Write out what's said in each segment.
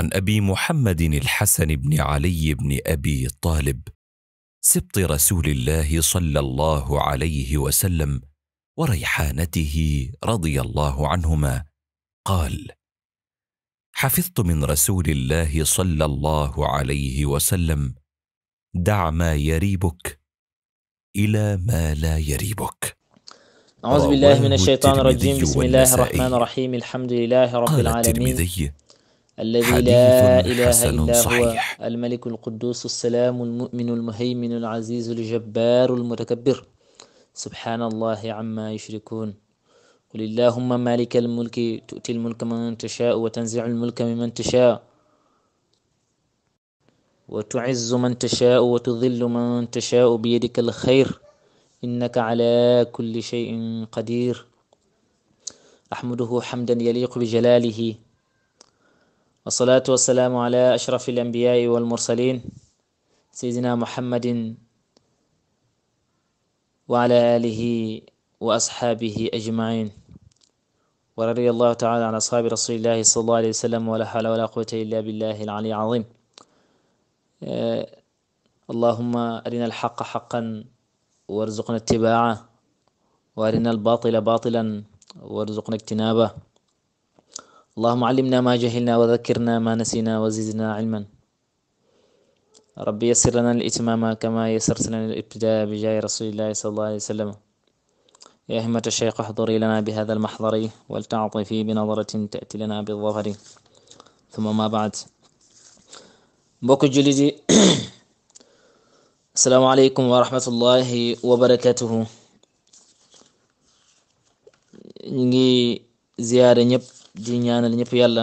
عن ابي محمد الحسن بن علي بن ابي طالب سبط رسول الله صلى الله عليه وسلم وريحانته رضي الله عنهما قال حفظت من رسول الله صلى الله عليه وسلم دع ما يريبك الى ما لا يريبك أعوذ بالله من الشيطان الرجيم بسم الله الرحمن الرحيم الحمد لله رب العالمين الذي لا إله إلا صحيح. هو الملك القدوس السلام المؤمن المهيمن العزيز الجبار المتكبر سبحان الله عما يشركون قل اللهم مالك الملك تؤتي الملك من تشاء وتنزع الملك ممن تشاء وتعز من تشاء وتذل من تشاء بيدك الخير إنك على كل شيء قدير أحمده حمدا يليق بجلاله والصلاة والسلام على أشرف الأنبياء والمرسلين سيدنا محمد وعلى آله وأصحابه أجمعين ورضي الله تعالى عن أصحاب رسول الله صلى الله عليه وسلم ولا حول ولا قوة إلا بالله العلي العظيم آه، اللهم أرنا الحق حقا وارزقنا اتباعه وأرنا الباطل باطلا وارزقنا اجتنابه اللهم علمنا ما جهلنا وذكرنا ما نسينا وزدنا علما ربي يسر لنا الإتمام كما يسرت لنا الابتداء بجاه رسول الله صلى الله عليه وسلم يا همة الشيخ احضري لنا بهذا المحضر ولتعطفي بنظرة تأتي لنا بالظهر ثم ما بعد بوك جلدي السلام عليكم ورحمة الله وبركاته نجي زيارة نيب di ñaanal ñëpp yàlla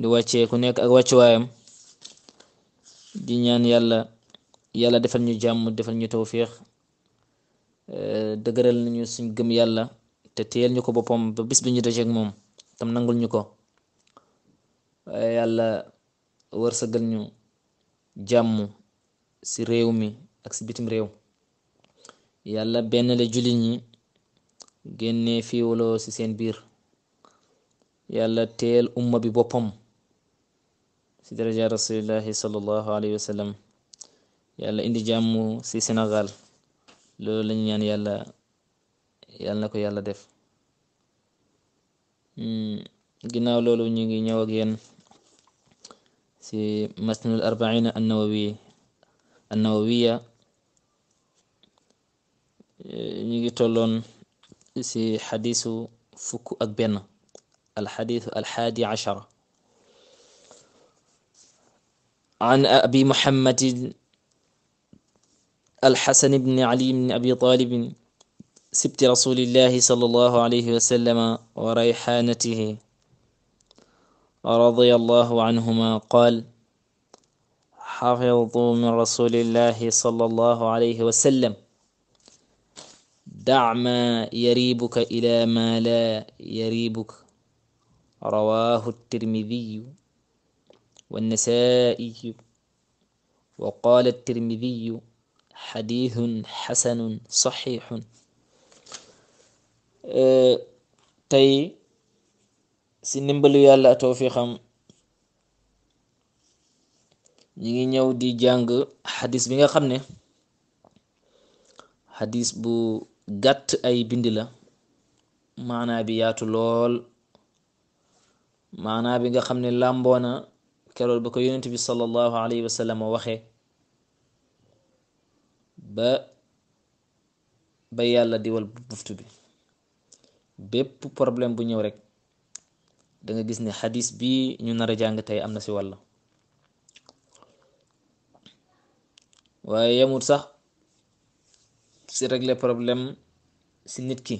di wàccee ku nekk ak wàccuwaayam di ñaan yàlla yàlla defal ñu jàmm defal ñu tawfiix eh, dëgëral nañu suñ gëm yàlla te teel ñu ko boppam ba bis bi ñu dajeeg moom tam nangul ñu ko waaye eh, yàlla wërsëgal ñu jàmm si réew mi ak si bitim réew yàlla benn la jullit ñi génnee fiiwaloo si seen biir yàlla teel umma bi boppam si daraja rasulillahi sallallahu alayhi wa yàlla indi jàmm si senegal loolu lañ ñaan yàlla yàlla na ko yàlla def hmm, ginnaaw loolu ñu ngi ñëw ak yéen si masnul arbaina annawawi annawawiya eh, ñu ngi tolloon si xadisu fukk ak benn الحديث الحادي عشر عن أبي محمد الحسن بن علي بن أبي طالب سبت رسول الله صلى الله عليه وسلم وريحانته رضي الله عنهما قال حفظت من رسول الله صلى الله عليه وسلم دع ما يريبك إلى ما لا يريبك رواه الترمذي والنسائي وقال الترمذي حديث حسن صحيح أه، تي سنبلو يالا توفيخم نيغي نيو دي جانغ حديث بيغا خامني حديث بو غات اي بندلا معنى بياتو لول maanaa bi nga xam ne làmboo na kerool ba ko yonent bi sallallahu alayhi wa sallam waxe ba ba yàlla diwal buftu bi bépp problème bu ñëw rek da nga gis ne xadis bi ñu nar a jàng tey am na si wàlla waaye yemut sax si régler problème si nit ki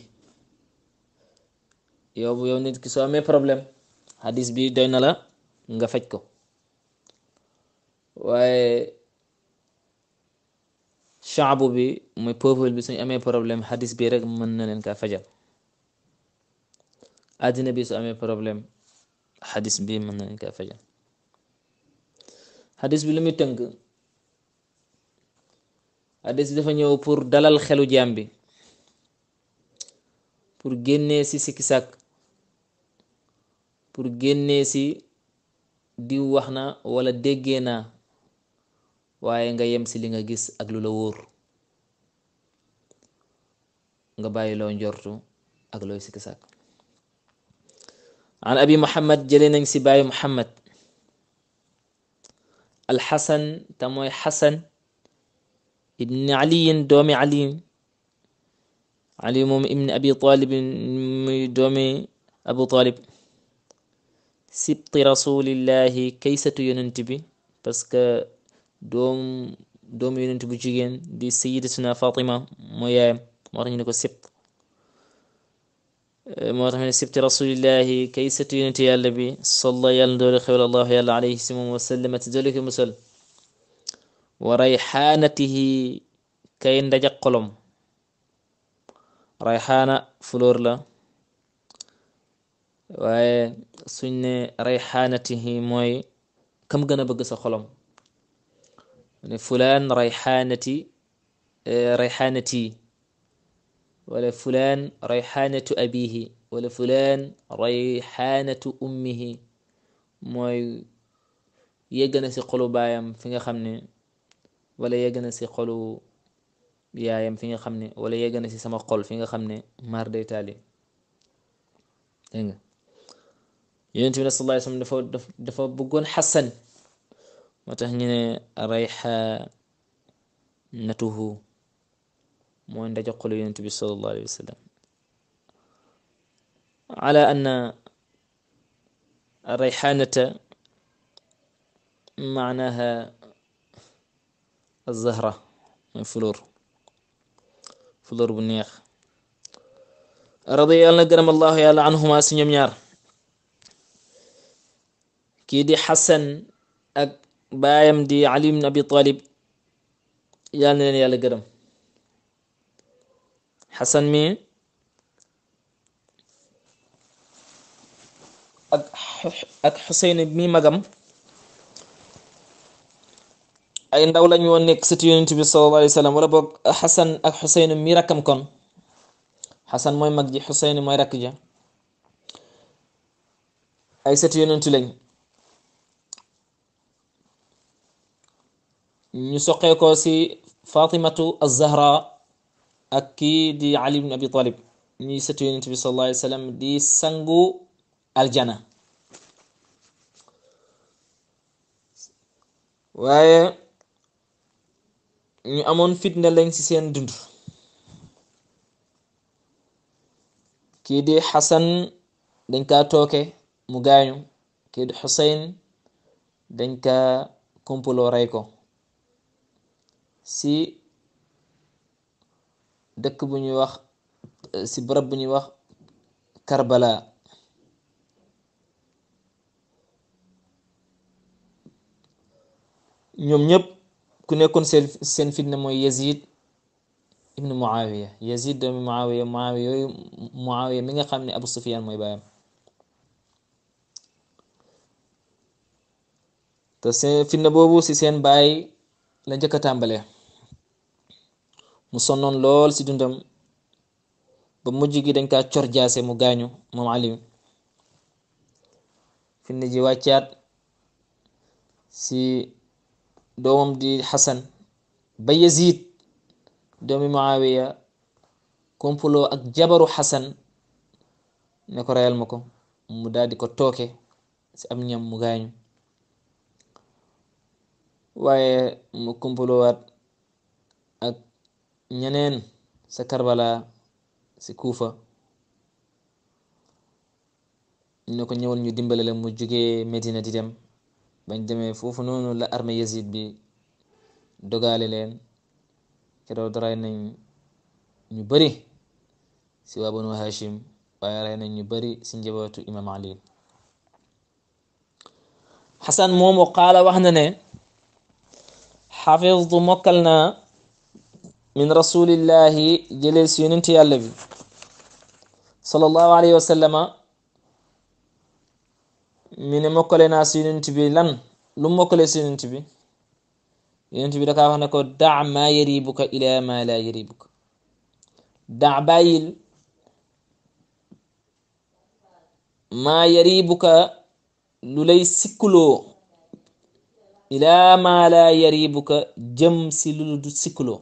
yow yow nit ki soo amee problème xadis bi doy na la nga faj ko waaye chaabu bi mooy peuple bi suñ amee problème xadis bi rek mën na leen kaa fajal àddina bi su amee problème xaddis bi mën na leen kaa fajal bi lu tënk xadis dafa ñëw pour dalal xelu jaam bi pour génnee si sikki pour génnee si wax na wala déggee naa waaye nga yem si li nga gis ak lu la wóor nga bàyyi loo njortu ak looy sikki sàkk an abi muhammad jëlee nañ si bàyyi muhammad alxasan te mooy xasan ibni aliyin doomi aliyin ali moom ibni abi talib muy doomi abu سبط رسول الله كيسة يننتبي بس دوم دوم يننتبي جيين دي سيدتنا فاطمة مويا مارين نكو سبط مارين سبط رسول الله كيسة يننتبي اللبي صلى يالندولي خير الله يالله عليه سمو وسلم تدولك مسل وريحانته كين دجق قلم ريحانة فلور له waaye suñ ne rayxaanatihi mooy kam gën a bëgg sa xolom ne fulaan rayxaanati eh, rayxaanati wala fulaan rayxaanatu abihi wala fulaan rayxaanatu ummihi mooy yegg na si xolu baayam fi nga xam ne wala yegg na si xolu yaayam fi nga xam ne wala yegg na si sama xol fi nga xam ne mar day taali ينتي من الله يسمى دفو دفو بقون حسن متهنين ريح نته مو عند جقل ينتبه صلى الله عليه وسلم على أن الريحانة معناها الزهرة من فلور فلور بنيخ رضي الله عنهما سنجم يار كي دي حسن اك بايم دي علي بن ابي طالب يا نين يا لغرم حسن مي اك اك حسين مي مغم اي ندول لا نيو نيك سيتي يونتي بي صلى الله عليه وسلم ولا بوك حسن اك حسين مي ركم كون حسن موي مغدي حسين موي ركجا اي سيتي يونتي لاني نسقيكو سي فاطمة الزهراء أكيد علي بن أبي طالب نيستو النبي صلى الله عليه وسلم دي سنغو الجنة واي ني امون فتنه لين سي سين دوند كي دي حسن دنكا توكي مو غاينو كي دي حسين دنكا كومبولو رايكو si dëkk bu ñuy wax si bërëb bu ñuy wax Karbala ñoom ñëpp ku nekkoon seen seen fitna mooy Yazid ibnu Muawiya Yazid doomi Muawiya Muawiya yooyu Muawiya mi nga xam ne Abu Sufyan mooy bayam te seen fitna boobu si seen bàyyi la njëkk a tàmbalee mu sonnoon lool ci dundam ba mujj gi dañ ka cor jaase mu gaañu moom Ali finne ji wàccaat si doom di Xasan ba Yazid doomi Muawiya kompuloo ak jabaru Xasan ne ko reyal ma ko mu daal ko tooke si am ñam mu gaañu waaye mu kompuloowaat ñeneen sa Karbala si Kuufa ñu ne ko ñëwal ñu dimbale la mu jugee Medina di dem bañ demee foofu noonu la armée Yazid bi dogaale leen keroog daray nañ ñu bari si waa Banu Hashim waaye rey nañ ñu bari si njabootu Imam Ali moomu qaala wax na ne xafiztu mokkal naa min rasulillahi jëlee si yonent yàlla bi sallallahu alayhi wa sallama mi ne mokkale naa bi lan lu mokkale si yonent bi yonent bi dakaa wax ne ko daa maa yaribuka ila maa laa yaribuka daa bàyyil maa yaribuka lu lay sikkuloo ila maa laa yaribuka jëm si lu du sikkuloo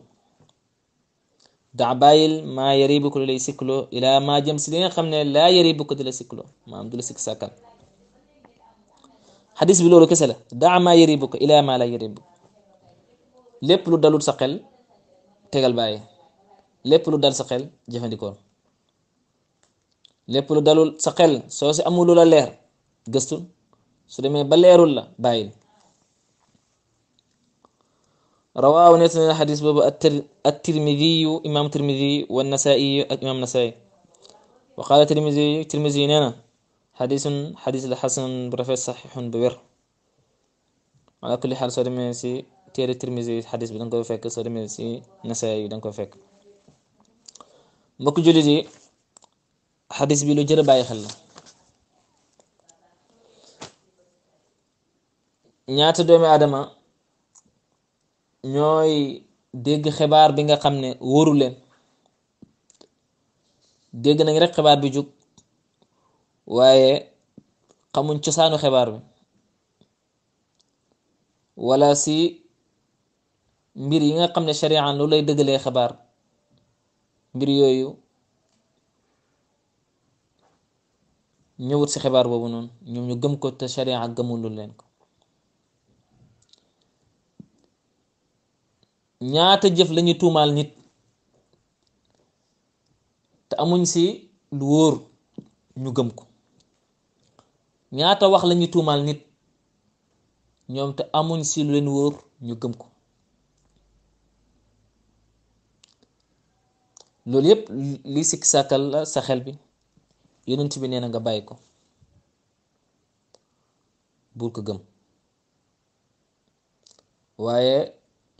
daa bàyyil maa yëri bu ko lay sikkloo ilaa maa jëm si li nga xam ne laa yëri bu ko di la sikkloo maam du la sikk sàkkal xadis bi loolu kese la daa ma yëri bu ko ilaa maa laa yëri bu lépp lu dalul sa xel tegal bàyyi lépp lu dal sa xel jëfandikoo lépp lu dalul sa xel soo si amul la leer gëstul su demee ba leerul la bàyyil رواه نسن الحديث باب الترمذي إمام الترمذي والنسائي إمام النسائي وقال الترمذي الترمذي نانا حديث حديث الحسن برفع صحيح ببر على كل حال صار ميسي تير الترمذي حديث بدون كو فك صار ميسي نسائي بدون كو فك مكو جلدي حديث بيلو جرب باي خلا ñaata دومي آدمه ñooy dégg xibaar bi nga xam ne wóoru leen dégg nañ rek xibaar bi jug waaye xamuñ cosaanu xibaar bi wala si mbir yi nga xam ne sharian loolu lay dëggalee xibaar mbir yooyu ñëwut si xibaar boobu noonu ñoom ñu gëm ko te sharian gëmul leen ko ñaata jëf lañu tuumaal nit te amuñ si lu wóor ñu gëm ko ñaata wax lañu tuumaal nit ñoom te amuñ si lu leen wóor ñu gëm ko loolu yépp li sikk sàkkal la sa xel bi yonent bi neena nga bàyyi ko ko gëm waaye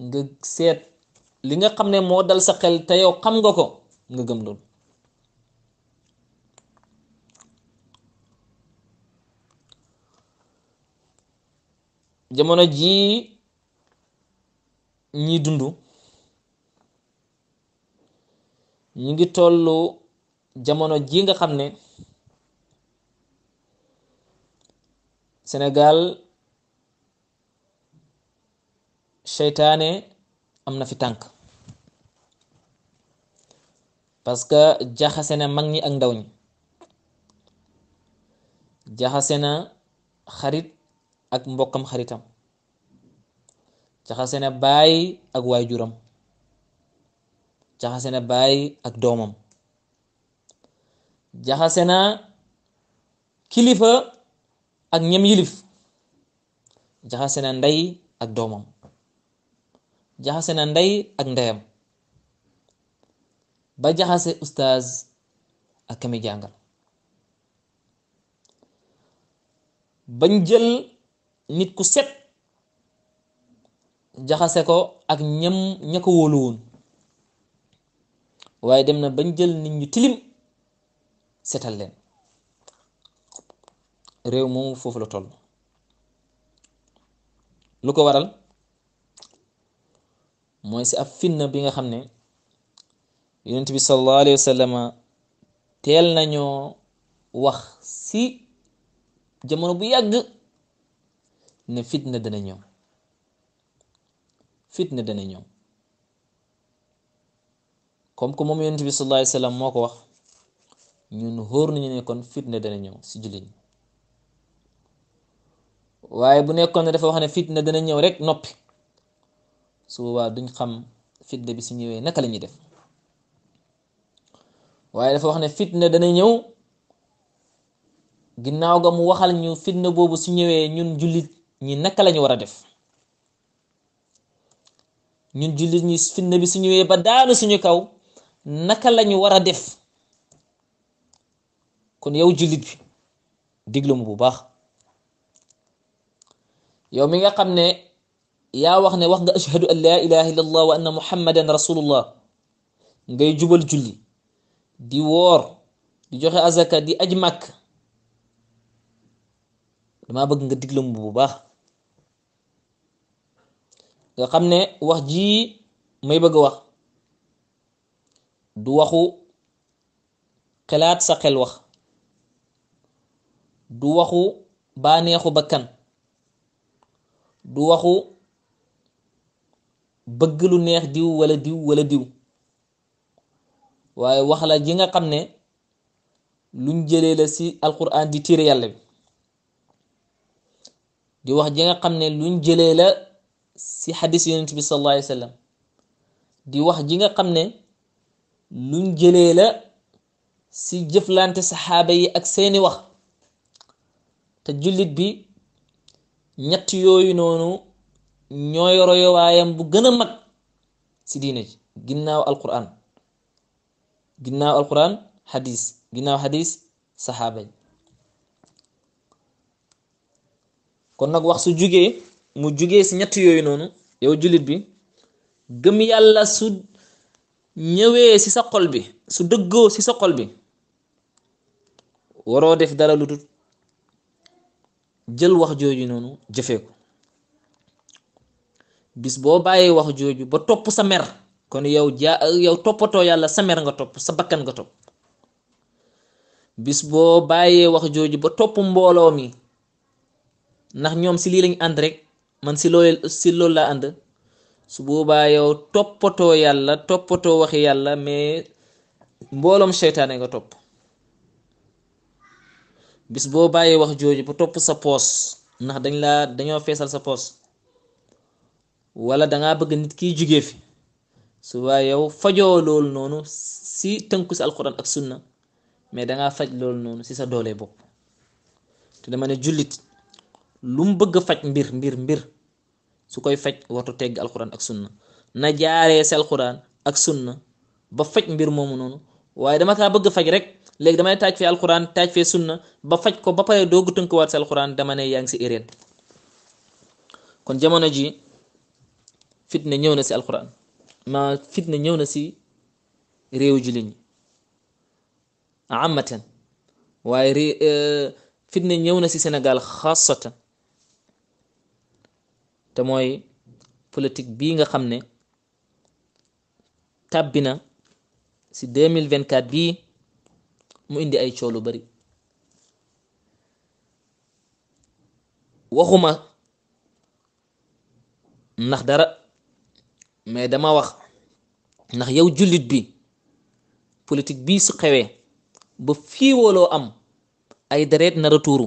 nga seet li nga xam ne moo dal sa xel te yow xam nga ko nga gëm loolu jamono jii ñi dundu ñu ngi tollu jamono jii nga xam ne Sénégal seytaane am na fi tànk parce que jaxase na mag ñi ak ndaw ñi jaxase na xarit ak mbokkam xaritam jaxase na baay ak waajuram jaxase na ak doomam jaxase na kilifa ak ñem yilif jaxase na ndey ak doomam jaxase na ndey ak ndeyam ba jaxase ustaaz ak kami jàngal bañ jël nit ku set jaxase ko ak ñam ña ko wóolu waaye dem na bañ jël nit ñu tilim setal leen réew moomu foofu la toll lu ko waral mooy si ab fitna bi nga xam ne yonent bi sallallahu alayhi wa sallam teel nañoo wax si jamono bu yàgg ne fitna dana ñëw fitna dana ñëw comme que moom yonent bi sallallahu alayhi moo ko wax ñun xóor nañu ne kon fitna dana ñëw si jullit waaye bu nekkoon ne dafa wax ne fitna dana ñëw rek noppi su boobaa duñ xam fitna bi su ñëwee naka lañuy ñuy def waaye dafa wax ne fitna dana ñëw ginnaaw ga mu waxal ñu fitna boobu su ñëwee ñun jullit ñi naka lañu ñu war a def ñun jullit ñi fitna bi su ñëwee ba daanu suñu kaw naka la ñu war a def kon yow jullit bi diglu bu baax yow mi nga xam ne يا واخني واخ اشهد ان لا اله الا الله وان محمدا رسول الله غاي جوبل جولي دي وور دي جوخي ازكا دي اجمك ما بغ نغا ديغلم بو باخ غا خامني واخ جي ماي بغ واخ دو واخو خلات سقل واخ دو واخو بانيخو بكن دو واخو bëgg lu neex diw walla diw wala diw waaye waxla la ji nga xam ne luñ jëlee la si alquran di téere yàlla bi di wax ji nga xam ne luñ jëlee la si xadis di wax ji xam ne luñ jëlee la si jëflante saxaaba yi ak seeni wax te jullit bi ñett yooyu noonu royo wayam bu gëna mag ci diina ji ginnaw alquran ginnaw alquran hadith ginnaw hadith sahaba yi kon nak wax su juggé mu juggé ci ñett yoy nonu yow julit bi gëm yalla su ñëwé ci sa xol bi su dëggoo ci sa xol bi waro def dara lu jël wax joju nonu jëfé ko bis bo baye wax joju ba top sa mer kon yow ja yow topoto yalla sa mer nga top sa bakkan nga top bis bo baye wax joju ba top mbolo mi ndax ñom si li lañ and rek man si loolu si loolu la and su boobaa yow topoto yalla topoto wax yalla mais mbolom seytaane nga top bis bo baye wax joju ba top sa pos ndax dañ la dañu feesal sa pos wala dangaa bëgg nit kiy jugee fi suba yow fajoo loolu noonu si tënku si alquran ak sunna mais dangaa faj loolu noonu si sa doole bopp te dama ne jullit lu mu bëgg faj mbir mbir mbir su koy faj wartu tegg alquran ak sunna na jaaree si alquran ak sunna ba faj mbir moomu noonu waaye dama kaa bëgg faj rek léegi damay taaj fee alquran taaj fee sunna ba faj ko ba pare doogu tënkuwaat si alquran dama ne yaa ngi si ireen kon jamono ji fitna ñëw na si alquran ma fitna ñëw na si réew jullit ñi amatan waaye ré euh, fitna ñëw na si senegal xaasatan te mooy politique bii nga xam ne tàbbi na si 2024 bii mu indi ay coow lu bari waxuma ndax dara mais dama wax ndax yow jullit bi politik bii su xewee ba fii woloo am ay dareet nar a tuuru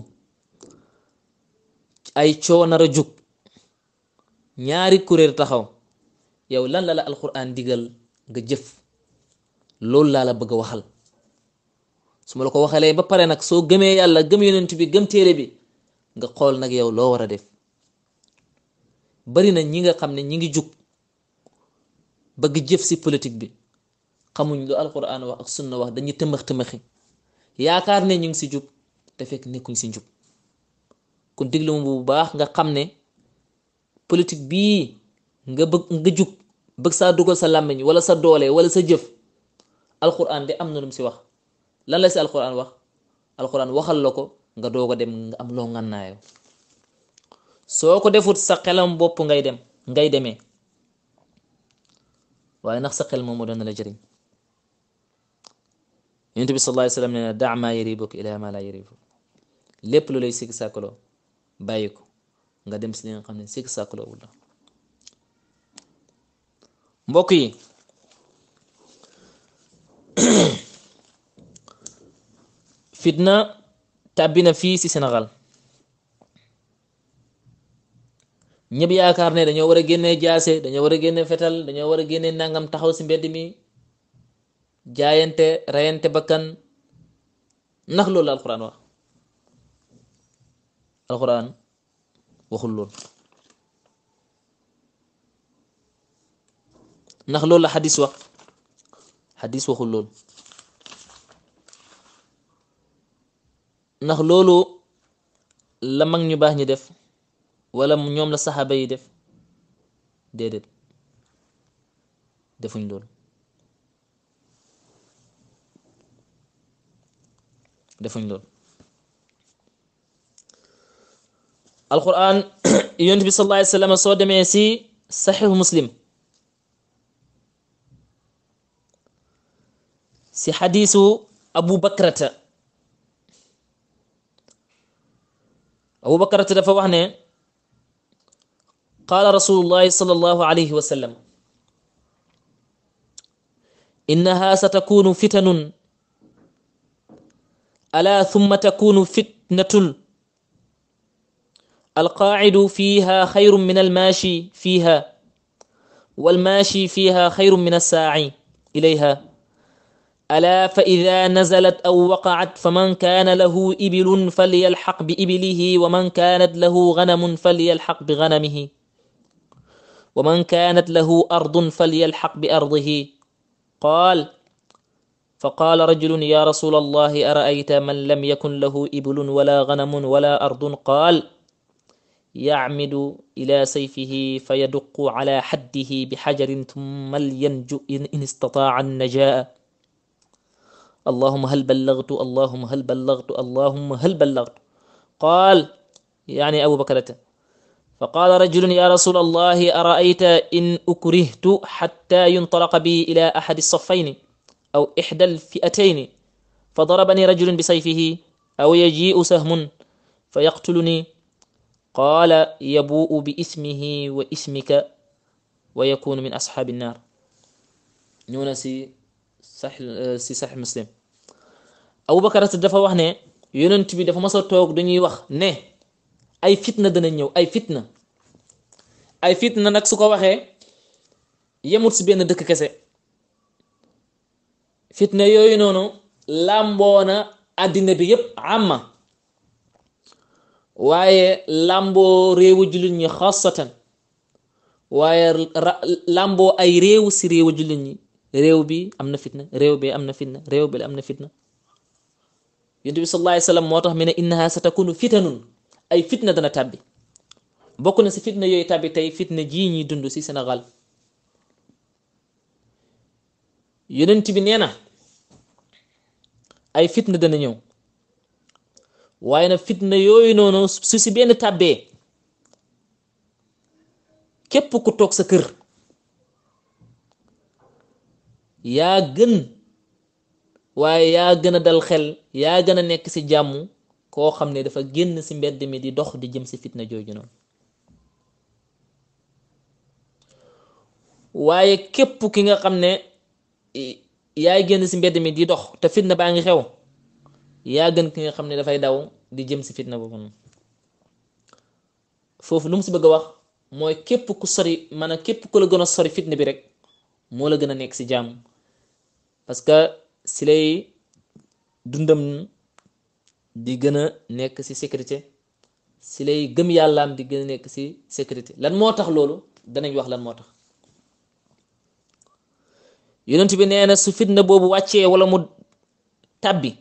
ay coo nar a jug ñaari kuréel taxaw yow lan la la alquran digal nga jëf loolu laa la bëgg a waxal su ma la ko waxalee ba pare nag soo gëmee yàlla gëm yonent bi gëm téere bi nga xool nag yow loo war a def bari na ñi nga xam ne ñi ngi jug bëgg jëf si politique bi xamuñ lu alquran wax ak sunna wax dañu tëmëx tëmëxi yaakar ne ñu ngi si jup te fek nekkuñ si jup kon diglu mu bu baax nga xamne politique bi nga bëgg nga jup bëgg sa duggal sa lamiñ wala sa doole wala sa jëf alquran de am na lu mu si wax lan la ci alquran wax alquran waxal lako nga dogo dem nga am lo ngannaayo soko defut sa xelam bop ngay dem ngay demee وأنا وأن نخسق المؤمنون الأجرين ينتبه صلى الله عليه وسلم دع ما يريبك إلى ما لا يريبك لب لو ليسك ساكلو بايكو غادي مسلين قمنا سيك ساكلو ولا مبوكي فتنة تابينا في سي سنغال ñépp yaakaar ne dañoo war a génnee jaase dañoo war a génnee fetal dañoo war a génnee nangam taxaw si mbedd mi jaayante rayante bakkan ndax loolu la alxuraan wax alxuraan waxul lool ndax loolu la xadis wax xadis waxul ndax loolu la mag ñu baax ñu def ولا نيوم لا صحابه يدف ديدت دفن لول دفن لول القران ينتبي صلى الله عليه وسلم سو دمسي صحيح مسلم سي حديث ابو بكر ابو بكر دا فا قال رسول الله صلى الله عليه وسلم إنها ستكون فتن ألا ثم تكون فتنة القاعد فيها خير من الماشي فيها والماشي فيها خير من الساعي إليها ألا فإذا نزلت أو وقعت فمن كان له إبل فليلحق بإبله ومن كانت له غنم فليلحق بغنمه ومن كانت له أرض فليلحق بأرضه قال فقال رجل يا رسول الله أرأيت من لم يكن له إبل ولا غنم ولا أرض قال يعمد إلى سيفه فيدق على حده بحجر ثم لينجو إن استطاع النجاء اللهم هل بلغت اللهم هل بلغت اللهم هل بلغت قال يعني أبو بكرة فقال رجل يا رسول الله أرأيت إن أكرهت حتى ينطلق بي إلى أحد الصفين أو إحدى الفئتين فضربني رجل بسيفه أو يجيء سهم فيقتلني قال يبوء بإثمه وإثمك ويكون من أصحاب النار نونا سي صح سي صح مسلم أبو بكر تدفع وحنا يونت تبي دفع مصر توق دنيا وخ نه ay fitna dana ñëw ay fitna ay fitna nag su ko waxee yemut si benn dëkk kese fitna yooyu noonu làmboona àddina bi yépp amma waaye làmboo réewu jullit ñi waaye làmboo ay réew si réewu jullit ñi réew bi am na fitna réew bi am na fitna réew bi am na fitna yonent bi moo tax mu ne innaha satakunu fitanun ay fitna dana tàbbi bokk na si fitna yooyu tàbbi tey fitna jii ñuy dund si Sénégal yonent bi nee na ay fitna dana ñëw waaye nag fitna yooyu noonu su si benn tàbbee képp ku toog sa kër yaa gën waaye yaa gën a dal xel yaa gën a nekk si jàmm koo xam ne dafa génn si mbedd mi di dox di jëm ci fitna jooju noonu waaye képp ki nga xam ne yaay génn si mbedd mi di dox te fitna baa ngi xew yaa gën ki nga xam ne dafay daw di jëm si fitna boobu noonu foofu lu mu ci bëgg a wax mooy képp ku sori maanaam képp ku la gën a sori fitna bi rek moo la gën a nekk si jàmm parce que lay dundam di gën a nekk si sécurité si lay gëm yàllaam di gën a nekk si sécurité lan moo tax loolu danañ wax lan moo tax yonent bi nee na su fitna boobu wàccee wala mu tàbbi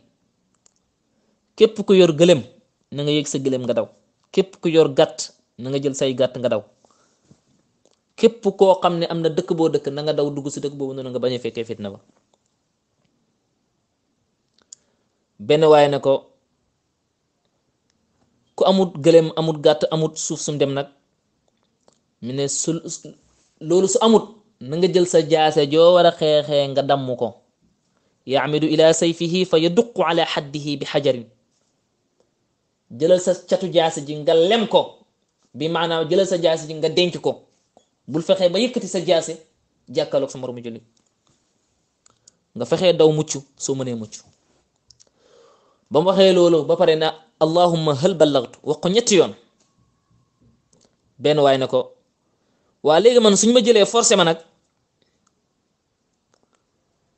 képp ku yor gëlem na nga yëg sa gëlem nga daw képp ku yor gàtt na nga jël say gàtt nga daw képp koo xam ne am na dëkk boo dëkk na nga daw dugg si dëkk boobu noonu nga bañ fekkee fitna ba benn waaye na ko amut gelem amut gàtt amut suuf sum dem nak mine lolu su amut na nga jël sa jaase jo wara a nga damm ko yaamidu ila sayfihi fayadqu ala haddihi bi xajarin jëlal sa chatu jaase ji nga lem ko bi maana jël sa jaase ji nga denc ko bul fexé ba yëkëti sa jaase jakkalok sa moromu julli nga fexé daw muccu so mëne muccu ba mu waxee loolu ba pare na allahumma hal ballagtu wax ko ñetti yoon benn waay na ko waa léegi man suñ ma jëlee forcé ma nag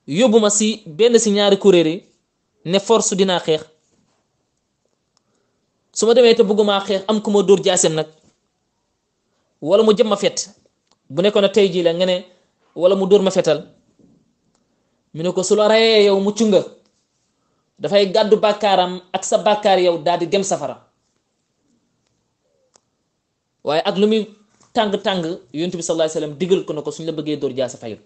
yóbbu ma si benn si ñaari kuréel yi ne force dinaa xeex su ma demee te bëggumaa xeex am ku ma dóor jaaseem nag wala mu jëm ma fet bu nekkoon ne tey jii la nga ne wala mu dóor ma fetal mu ne ko su la rayee yow mucc nga dafay gàddu bàkkaaram ak sa bàkkaar yow daal di dem safara waaye ak lu muy tàng-tàng yonent bi sallallahu alayhi wasallam ko na ko suñ la bëggee dóor jaa sa fayul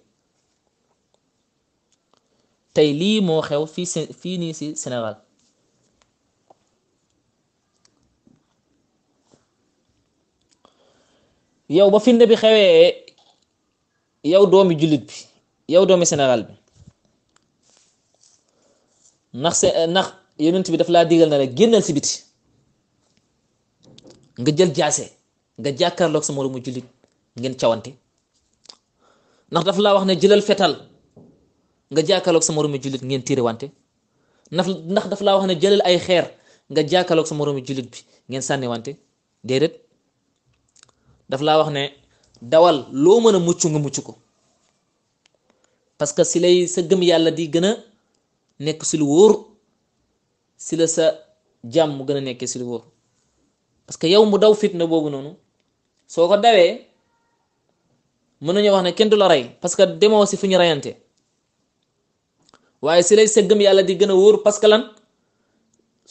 tey lii moo xew fii fii nii si Sénégal yow ba finde bi xewee yow doomi jullit bi yow doomi Sénégal bi ndax se eh, ndax yonent bi daf laa digal na la génnal biti nga jël jaase nga jàkkaarloog sa moromu jullit ngeen cawante ndax daf laa wax ne jëlal fetal nga jàkkaarloog sa moromu jullit ngeen tiire wante ndax ndax daf laa wax ne jëlal ay xeer nga jàkkaarloog sa moromu jullit bi ngeen sànni wante déedéet daf laa wax ne dawal loo mën a mucc nga mucc ko parce si lay sa gëm yàlla di gën nekk si lu wóor si la sa jàmm gën a nekkee si lu wóor parce que yow mu daw fit na boobu noonu soo ko dawee mën nañu wax ne kenn du la rey parce que demoo si fu ñu reyante waaye si lay sa yàlla di gën a wóor parce que lan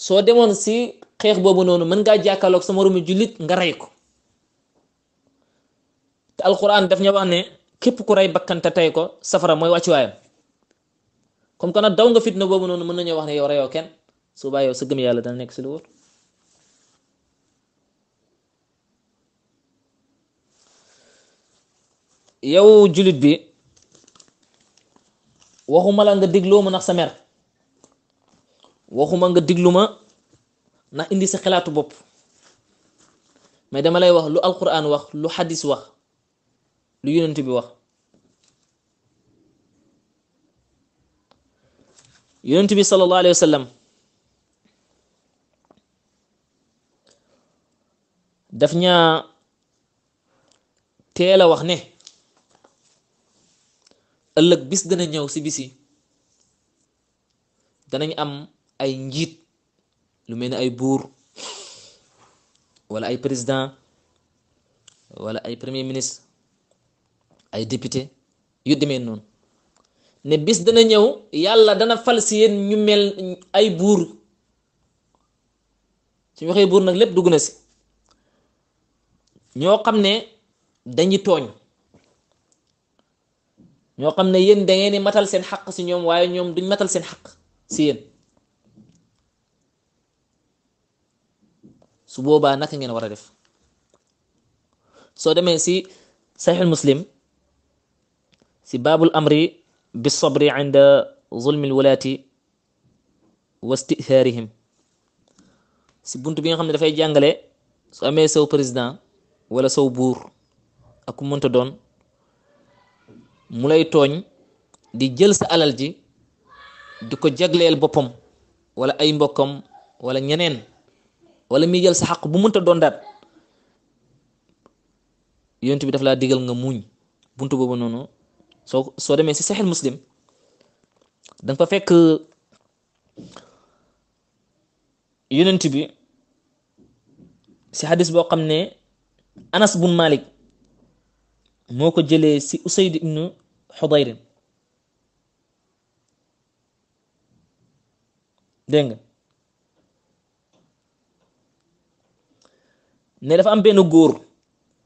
soo demoon si xeex boobu noonu mën ngaa jàkkaarloog sa moromu jullit nga rey ko te alquran daf ñu wax ne képp ku rey bakkante tey ko safara mooy wàccuwaayam comme que nag daw nga fitna boobu noonu mën nañoo wax ne yow reyoo kenn subaa yow sa gëm yàlla dana nekk si lu wóor yow julit bi waxuma la nga dégloo ma ndax sa mer waxuma nga déglu ma ndax indi sa xalaatu bopp mais dama lay wax lu alquran wax lu xadis wax lu yonent bi wax يونت بي صلى الله عليه وسلم دفنيا تيلا وخني ألق بس دنا نيو سي بيسي دنا أم أي نجيت لمن أي بور ولا أي بريزدان ولا أي بريمير مينيس أي ديبيتي يدمنون ne bis dana ñëw yàlla dana fal si yéen ñu mel ay buur suñ waxee buur nag lépp dugg na si ñoo xam ne dañuy tooñ ñoo xam ne yéen dangeen ngeen matal seen xaq si ñoom waaye ñoom duñ matal seen xaq si yéen su boobaa naka ngeen war a def soo demee si saxiixul muslim si baabul amri بالصبر عند ظلم الولاة واستئثارهم سي بونتو بيغا خامني دا سو امي سو بريزيدان ولا سو بور اكو مونتا دون مولاي توغ دي جيل سا علال جي ديكو جاغليل بوبوم ولا اي مبوكم ولا نينين ولا مي جيل سا حق بو مونتا دون دات يونتي بي دافلا ديغال nga muñ بونتو بوبو نونو soo soo demee si saxiix muslim da nga fa fekk yonent bi si xadis boo xam ne anas bun malik moo ko jëlee si usayd ibnu xudayrin dégg nga ne dafa am benn góor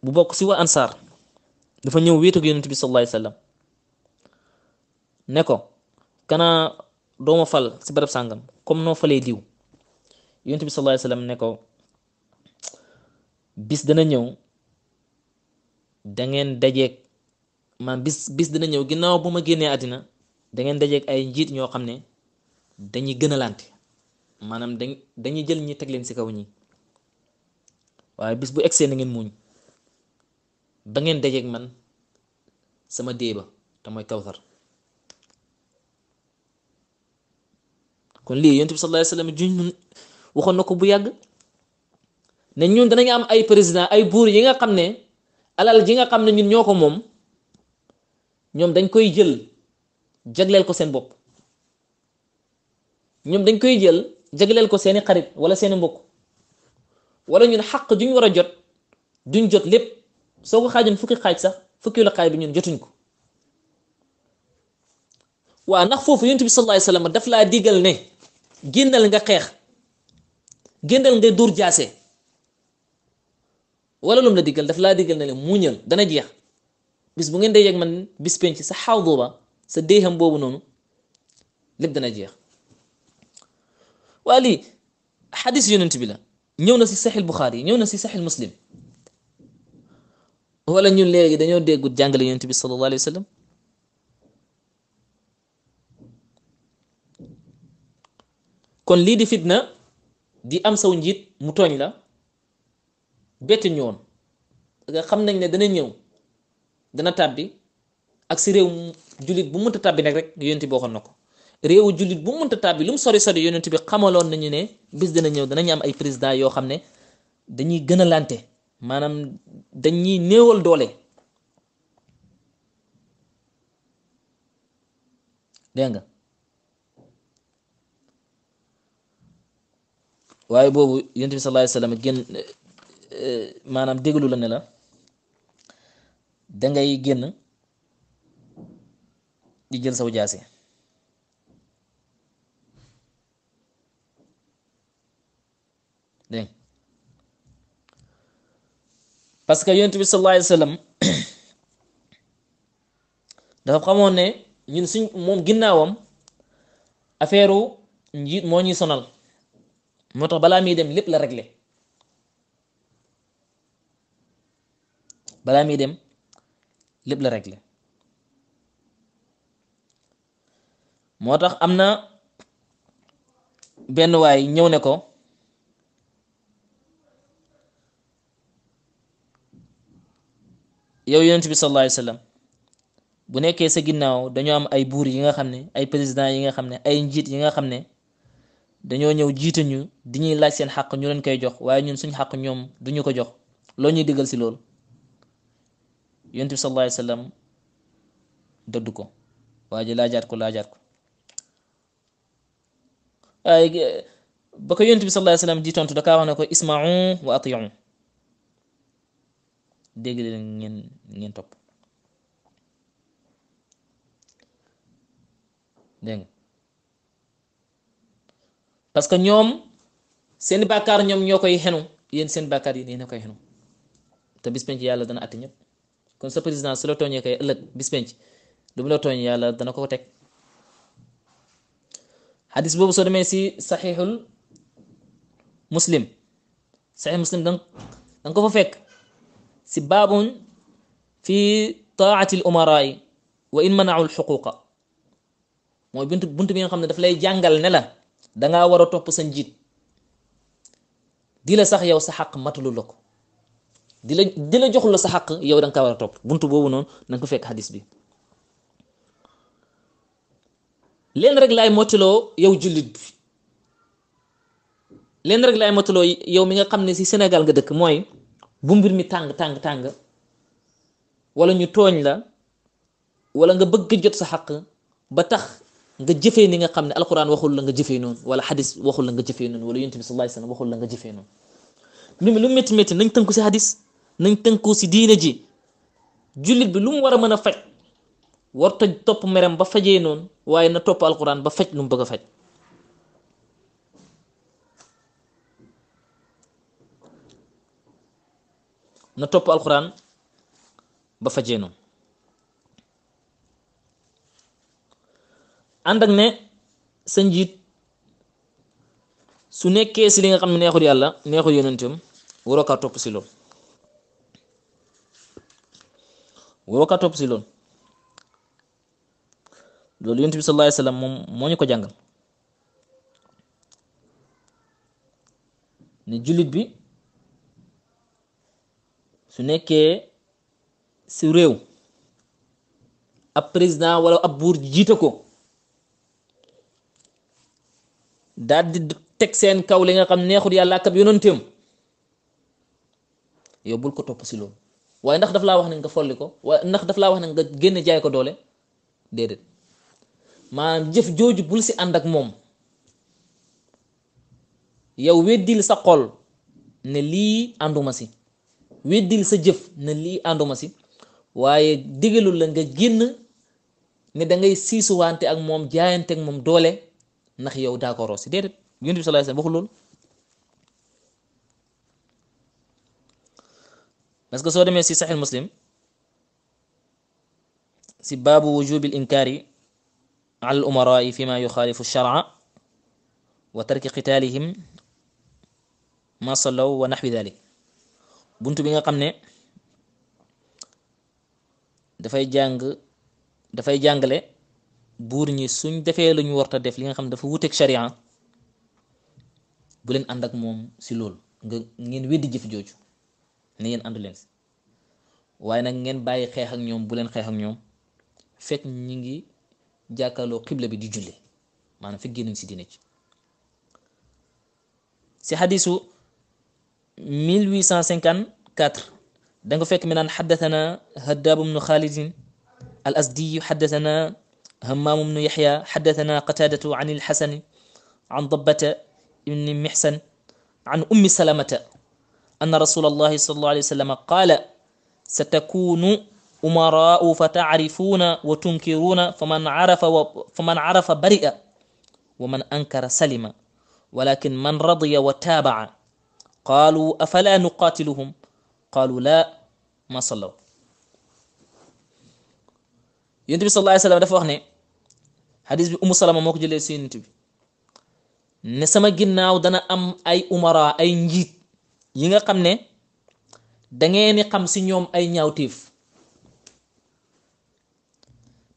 bu bokk si wa ansar dafa ñëw wéetu ak yonent bi sallallahu alayhi wa sallam ne ko kanaa dooma fal si barab sàngam comme noo falee diw yonent bi sallallahu alayhi wasallam ne ko bis dana ñëw da ngeen dajeeg maam bis bis dana ñëw ginnaaw bu ma génnee àddina dangeen dajeek ay njiit ñoo xam ne dañuy gën a lante maanaam dañ dañuy jël ñi teg leen si kaw ñi waaye bis bu egsee na ngeen muñ ba ngeen dajeeg man sama déeba te mooy kawsar kon lii yonent bi sallallahu alayhi wa sallam juñ waxoon na ko bu yàgg ne ñun danañ am ay président ay buur yi nga xam ne alal ji nga xam ne ñun ñoo ko moom ñoom dañ koy jël jagleel ko seen bopp ñoom dañ koy jël jagleel ko seeni xarit wala seeni mbokk wala ñun xaq duñ war a jot duñ jot lépp soo ko xaajoon fukki xaaj sax fukki la xaaj bi ñun jotuñ ko waa ndax foofu yonent bi sallallahu alayhi wa sallam daf laa digal ne gendal nga xex gendal ngay dur jassé wala lum la diggal daf la diggal na le muñal dana jeex bis bu ngeen day yegg man bis penc sa hawduba sa deham bobu nonu lépp dana jeex wali hadith xadis yonent bi la ñewna ci sahih bukhari ñewna ci sahih muslim wala ñun legi dañu deggu jàngale yonent bi sallallahu alayhi wasallam kon lii di fitna di am saw njiit mu tooñ la betti ñoon nga xam nañ ne dana ñëw dana tàbbi ak si réew jullit bu munta tàbbi nag rek yonent bi waxoon na ko réewu jullit bu munta tàbbi lu mu sori sori yonent bi xamaloon nañu ne bis dana ñëw danañu am ay président yoo xam ne dañuy gën a lante maanaam dañuy néewal doole dégg nga waaye boobu yonent bi sallallahu alayhi wasallam génn eh, maanaam déglu la ne la dangay génn di jël saw jaase dégg parce que yonent bi sallallahu alayhi wasallam dafa ne ñun suñ moom ginnaawam affaire njiit moo ñuy sonal moo tax balaa muy dem lépp la réglé balaa muy dem lépp la réglé moo tax am na benn waay ñëw ne ko yow yonent bi sallallahu alayhi wa bu nekkee sa ginnaaw dañoo am ay buur yi nga xam ne ay président yi nga xam ne ay njiit yi nga xam ne dañoo ñëw jiite ñu di laaj seen xàq ñu leen koy jox waaye ñun suñ xàq ñoom du ko jox loo ñuy diggal si lool yonent bi sallallahu alayhi wasallam ko waa ji laajaat ko laajaat ko ay ba ko yonent bi sallallahu alayhi wasallam di tontu dakaa wax ko isma'u wa ati'u dégg leen ngeen parce que ñoom seen bàkkaar ñoom ñoo koy xenu yéen seen bàkkaar yi yéen a koy te bis yàlla dana àtte ñëpp kon sa président su la tooñee kay ëllëg bis penc du mu la tooñ yàlla dana ko teg xadis boobu soo demee si saxiixul muslim saxiix muslim da ko fa fekk si baabun fi taati l umaraa wa in manaau l xuquqa mooy bunt bi nga xam ne daf lay jàngal ne la dangaa war a topp sa njiit di la sax yow sa xaq matalu ko di la di la joxul la sa xaq yow danga kaa war a topp buntu boobu noonu na ko fekk xadis bi leen rek lay mottiloo yow jullit bi leen rek lay mottiloo yow mi nga xam ne si senegal nga dëkk mooy bu mbir mi tàng tàng tàng wala ñu tooñ la wala nga bëgg jot sa xaq ba tax nga jëfé ni nga xamné alcorane waxul la nga jëfé non wala hadith waxul la nga jëfé non wala yunus sallallahu alayhi wasallam waxul la nga jëfé non lu lu métti métti nañ nañ ji bi lu mu faj warta merem ba na ba faj lu mu bëgg faj na ba ànd ne sa njiit su nekkee si li nga xam ne neexul yàlla neexul yonentam waroo kaa topp si loolu waroo kaa topp si loolu loolu yonent bi sallallahu alayhi wasallam moom moo ñu ko jàngal ne jullit bi su nekkee si réew ab président wala ab buur jiite ko daal di teg seen kaw li nga xam neexul yàlla ak ab yonanteem yow bul ko topp si loolu waaye ndax daf laa wax ne nga folli ko waaye ndax daf laa wax ne nga génn jaay ko doole déedéet maanaam jëf jooju bul si ànd ak moom yow weddil sa xol ne lii ànduma si weddil sa jëf ne lii ànduma si waaye digalul la nga génn ne da ngay siisuwaante ak moom jaayante ak moom doole ndax yow d'accord si déedéet yonent bi sallallahu alayhi wasallam waxul loolu parce que soo demee si saxiix muslim si baabu wujubi al inkaari ala al umaraa fima yuxaalifu alsharca wa tarki qitaalihim ma sallaw wa naxwi dalik bunt bi nga xam ne dafay jàng dafay jàngale buur ñi suñ defee lu ñu warta def li nga xam ne dafa wuteeg sharia bu leen ànd ak moom si loolu nga ngeen weddi jëf jooju ne ngeen àndu leen si waaye nag ngeen bàyyi xeex ak ñoom bu leen xeex ak ñoom fekk ñi ngi jàkkaarloo xibla bi di julli maanaam fekk génnuñ si diine ci si xadisu 1854 da nga fekk mi naan xaddatana haddaab bnu xaalidin al asdiyu xaddatana همام بن يحيى حدثنا قتادة عن الحسن عن ضبة بن محسن عن أم سلمة أن رسول الله صلى الله عليه وسلم قال ستكون أمراء فتعرفون وتنكرون فمن عرف و... فمن عرف برئ ومن أنكر سلم ولكن من رضي وتابع قالوا أفلا نقاتلهم قالوا لا ما صلوا ينتبه صلى الله عليه وسلم دفعني xadis bi umu salama moo ko jëlee si bi ne sama ginnaaw dana am ay umara ay njiit yi nga xam ne dangeen ni xam si ñoom ay ñaawteef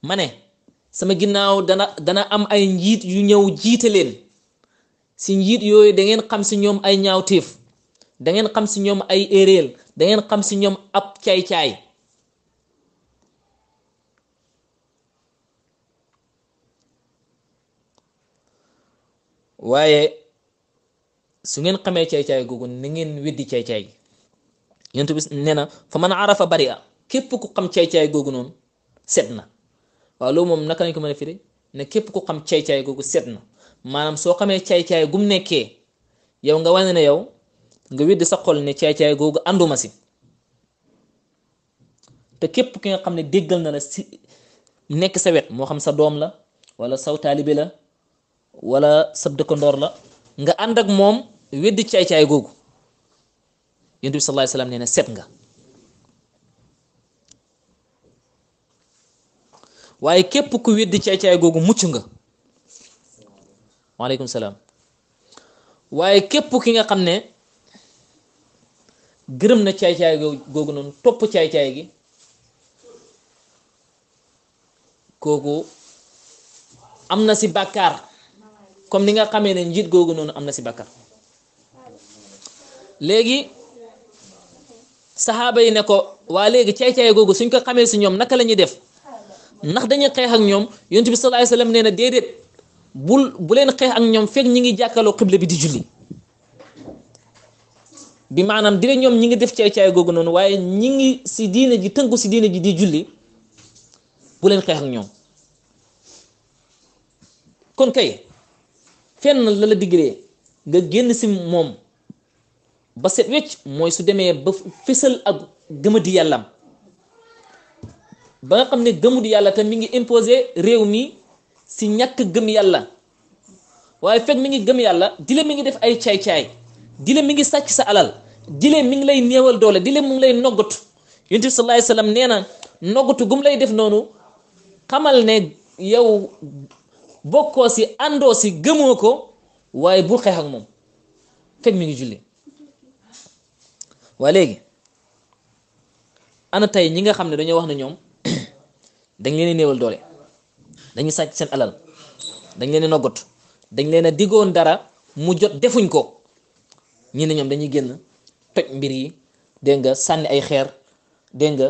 ma ne sama ginnaaw dana dana am ay njiit yu ñëw jiite leen si njiit yooyu dangeen xam si ñoom ay ñaawteef dangeen xam si ñoom ay éréel dangeen xam si ñoom ab caay-caay waaye su ngeen xamee caay-caay googu ni ngeen weddi caay-caay gi yonent bi nee na fa man arafa bari képp ku xam caay-caay googu noonu set na waaw moom naka lañ ko mën a firi ne képp ku xam caay-caay googu set na maanaam soo xamee caay-caay gum nekkee yow nga wane na yow nga weddi sa xol ne caay-caay googu ànduma si te képp ki nga xam ne déggal na la si nekk sa wet moo xam sa doom la wala saw taalibe la wala sab dëkkandoor la nga ànd ak moom weddi caay-caay googu yonent bi sallallahu alayhi set nga waaye képp ku weddi caay-caay googu mucc nga waaleykum salaam waaye képp ki nga xam ne gërëm na caay-caay googu noonu topp caay-caay gi kooku am na si bàkkaar comme ni nga xamee ne njiit googu noonu am na si bakkar léegi saxaaba yi ne ko waa léegi caay-caay googu suñ ko xamee si ñoom naka la ñuy def ndax dañuy xeex ak ñoom yonent bi sallallahu alayhi nee na déedéet bul bu leen xeex ak ñoom fekk ñi ngi jàkkaloo xibla bi di julli bi maanaam dire ñoom ñi ngi def caay-caay googu noonu waaye ñi ngi si diina ji tënku si diina ji di julli bu leen xeex ak ñoom kon kay fenn la la digalee nga génn si moom ba set wecc mooy su demee ba fésal ak gëmadi yàllam ba nga xam ne gëmudi yàlla te mi ngi imposé réew mi si ñàkk gëm yàlla waaye fekk mi ngi gëm yàlla dile mi ngi def ay caay-caay dile mi ngi sàcc sa alal dile mi ngi lay néewal doole dile mu ngi lay noggatu yonent bi sallallahu alayhi wasallam nee na noggatu gum lay def noonu xamal ne yow bokkoo si àndoo si gëmoo ko waaye bul xeex ak moom fekk mi ngi julli waa léegi ana tey ñi nga xam ne dañoo wax na ñoom dañ leen a néewal doole dañu sàcc seen alal dañ leen a noggot dañ leen a diggoon dara mu jot defuñ ko ñi ne ñoom dañuy génn toj mbir yi dégg nga sànni ay xeer dégg nga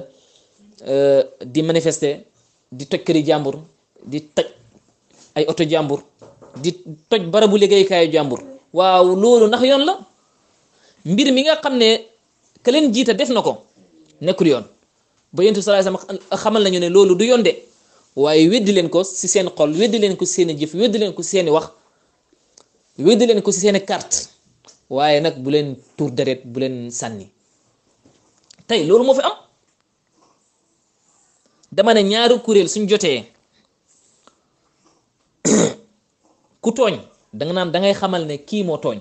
euh, di manifester di toj këri jàmbur di toj ay oto jàmbur di toj barabu liggéeykaayu jàmbur waaw loolu ndax yoon la mbir mi nga xam ne ka leen jiita def na ko nekkul yoon ba yonent bi sallallahu alayhi xamal nañu ne loolu du yoon de waaye weddi leen ko si seen xol weddi leen ko si seen jëf weddi leen ko si seen wax weddi leen ko si seen kart waaye nag bu leen tuur deret bu leen sànni tey loolu moo fi am dama ne ñaari kuréel suñ jotee ku tooñ danga naan da ngay xamal ne kii moo tooñ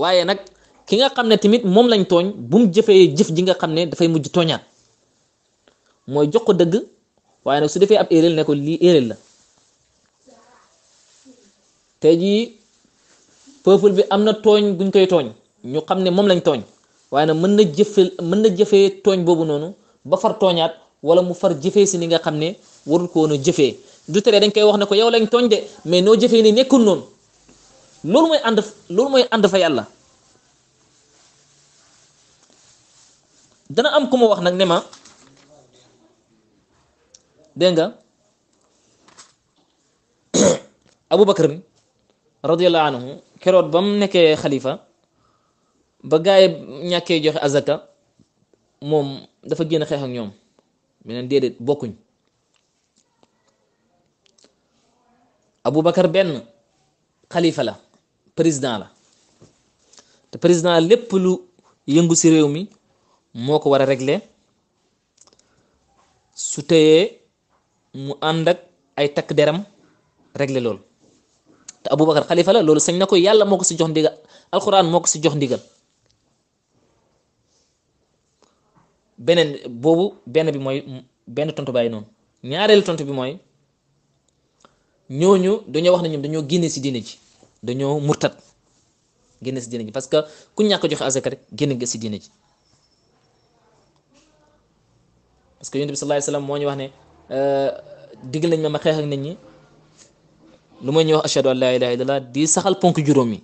waaye nag ki nga xam ne tamit moom lañ tooñ bu mu jëfee jëf ji nga xam ne dafay mujj tooñaat mooy jox ko dëgg waaye nag su defee ab éréel ne ko lii éréel la te jii peuple bi am na tooñ buñ koy tooñ ñu xam ne moom lañ tooñ waaye nag mën na jëfe mën na jëfee tooñ boobu noonu ba far tooñaat wala mu far jëfee si li nga xam ne warul ko woon jëfee du tere dañ koy wax ne ko yow lañ tooñ de mais noo jëfee ni nekkul noonu loolu mooy ànd loolu mooy ànd yàlla dana am ku ma wax nag ne ma dégg nga Aboubacar radiyallahu anhu keroot ba mu nekkee xalifa ba gaay ñàkkee joxe azaka moom dafa génn xeex ak ñoom meneen déedéet bokkuñ Aboubacar benn kalifa la président la te président lépp lu yëngu si réew mi moo ko war a régler su teyee mu ànd ak ay takk deram régler loolu te Aboubacar xalifa la loolu sañ na ko yàlla moo ko si jox ndigal alxuraan moo ko si jox ndigal beneen boobu benn bi mooy benn tontu bàyyi noonu ñaareelu tontu bi mooy. ñooñu dañu wax ne ñoom dañoo génne si diine ji dañoo murtat guéné ci diiné ci parce que ku ñak joxe azaka rek guéné nga si diine ji parce que yunus sallallahu alayhi wasallam moñu ñu wax ne euh, digal nañ ma ma xeex ak nit ñi lu may ñu wax ashhadu an la ilaha illallah di saxal ponk juróom yi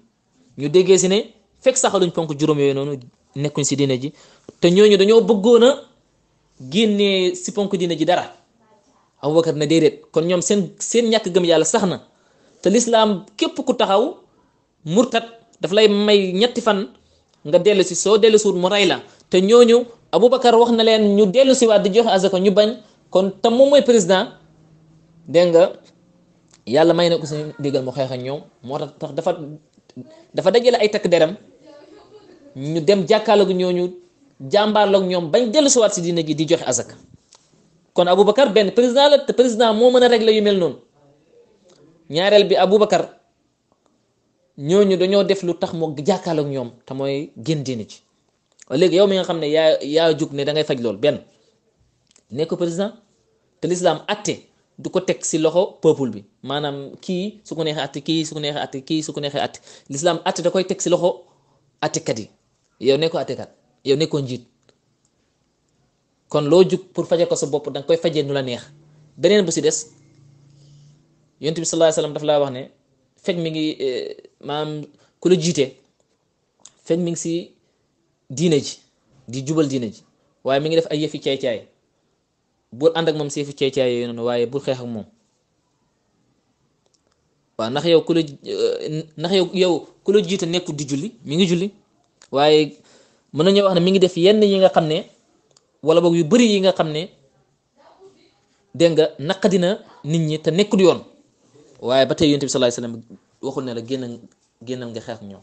ñu déggee si ne fekk saxaluñ ponk juróom yoy nonu nekkuñ ci diiné ji té ñooñu dañu bëggona guéné ci ponk diiné ji dara Abubakar na déedéet kon ñoom seen seen ñàkk gëm yàlla sax na te lislaam képp ku taxaw murtat daf lay may ñetti fan nga dellu si soo dellu siwut mu rey la te ñooñu Abubakar wax na leen ñu dellu si waat di joxe azaka ñu bañ kon te moom mooy président dégg nga yàlla may na ko suñu digal mu xeex ak ñoom moo tax dafa dafa dajale ay takk deram ñu dem jàkkaarloog ñooñu jàmbaarloog ñoom bañ dellu si waat si diina di joxe azaka kon Aboubacar benn président la te président moo mën a régler yu mel noonu ñaareel bi Aboubacar ñooñu dañoo def lu tax moo jàkkaarloo ak ñoom te mooy génn diine ci léegi yow mi nga xam ne yaa yaa jug ne dangay ngay faj loolu benn nekk président te l'islam atte du ko teg si loxo peuple bi maanaam kii su ko neexee atte kii su ko neexee atte kii su ko neexee atte l'islam atte da koy teg si loxo attekat yi yow nekkoo attekat yow nekkoo njiit. kon loo jug pour faje ko sa bopp danga koy fajee nu la neex beneen bu si des yonent bi sallallahu alayhi daf laa wax ne fekk mi ngi eh, maam ku la jiite fekk mi ngi si diine ji di jubal diine ji waaye mi ngi def ay yëfi caay-caay bul ànd ak moom si yëfi caay-caay yooyu noonu waaye bul xeex ak moom waaw ndax yow ku la eh, ndax yow yow ku jiite nekkul di julli mi ngi julli waaye mën nañoo wax ne mi ngi def yenn yi nga xam ne wala bok yu bari yi nga xamne de nga naqadina nit ñi te nekkul yoon waye batay yunus sallallahu alayhi wasallam waxul ne la génn génnal nga xex ñoo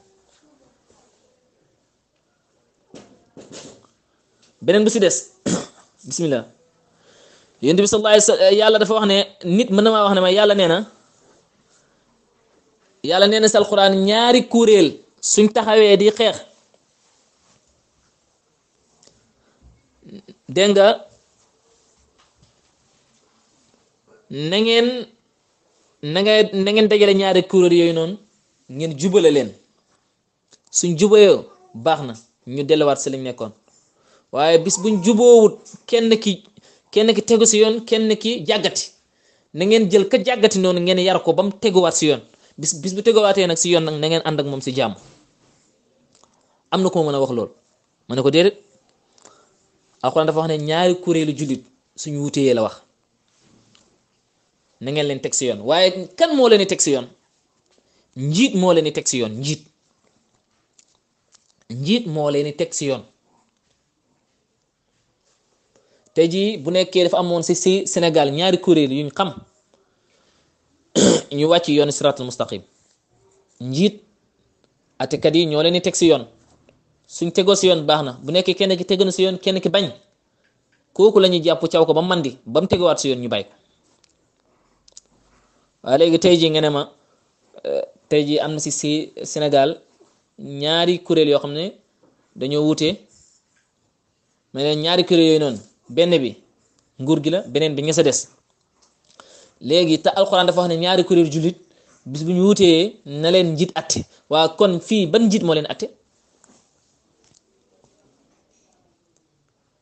benen bu ci dess bismillah yunus sallallahu alayhi wasallam yàlla dafa wax ne nit mëna ma wax ne ma yàlla neena yàlla neena sal qur'an ñaari kuréel suñ taxawé di xex dégg nga na ngeen na na ngeen dajale ñaari kuréel yooyu noonu ngeen jubale leen suñ jubayoo baax na ñu delluwaat si liñ nekkoon waaye bis buñ juboowut kenn ki kenn ki tegu si yoon kenn ki jàggati na ngeen jël ka jàggati noonu ngeen yar ko ba mu teguwaat si yoon bis bis bu teguwaatee nag si yoon nag na ngeen ànd ak moom si jàmm am na ko ma mën a wax loolu ma ne ko déedéet alxuraan dafa wax ne ñaari kuréelu jullit suñu wutee la wax na ngeen leen teg si yoon waaye kan moo leen di teg si yoon njiit moo leen di teg si yoon njiit njiit moo leen di teg si yoon tey jii bu nekkee dafa amoon si si Sénégal ñaari kuréel yuñ xam ñu wàcc yoon siraatul mustaqim njiit atekat yi ñoo leen di teg si yoon suñ tegoo si yoon baax na bu nekkee kenn ki tegu na si yoon kenn ki bañ kooku la ñuy jàpp caw ko ba mandi ba mu tegewaat si yoon ñu bàyyi ko waaye léegi tey jii nga ne ma eh, tey jii am na si si Sénégal ñaari kuréel yoo xam ne dañoo wuute mais ñaari kuréel yooyu noonu benn bi nguur gi la beneen bi des léegi te alxuraan dafa wax ne ñaari kuréel julit bis bu ñu wutee na leen njiit atte waa kon fii ban njiit moo leen atte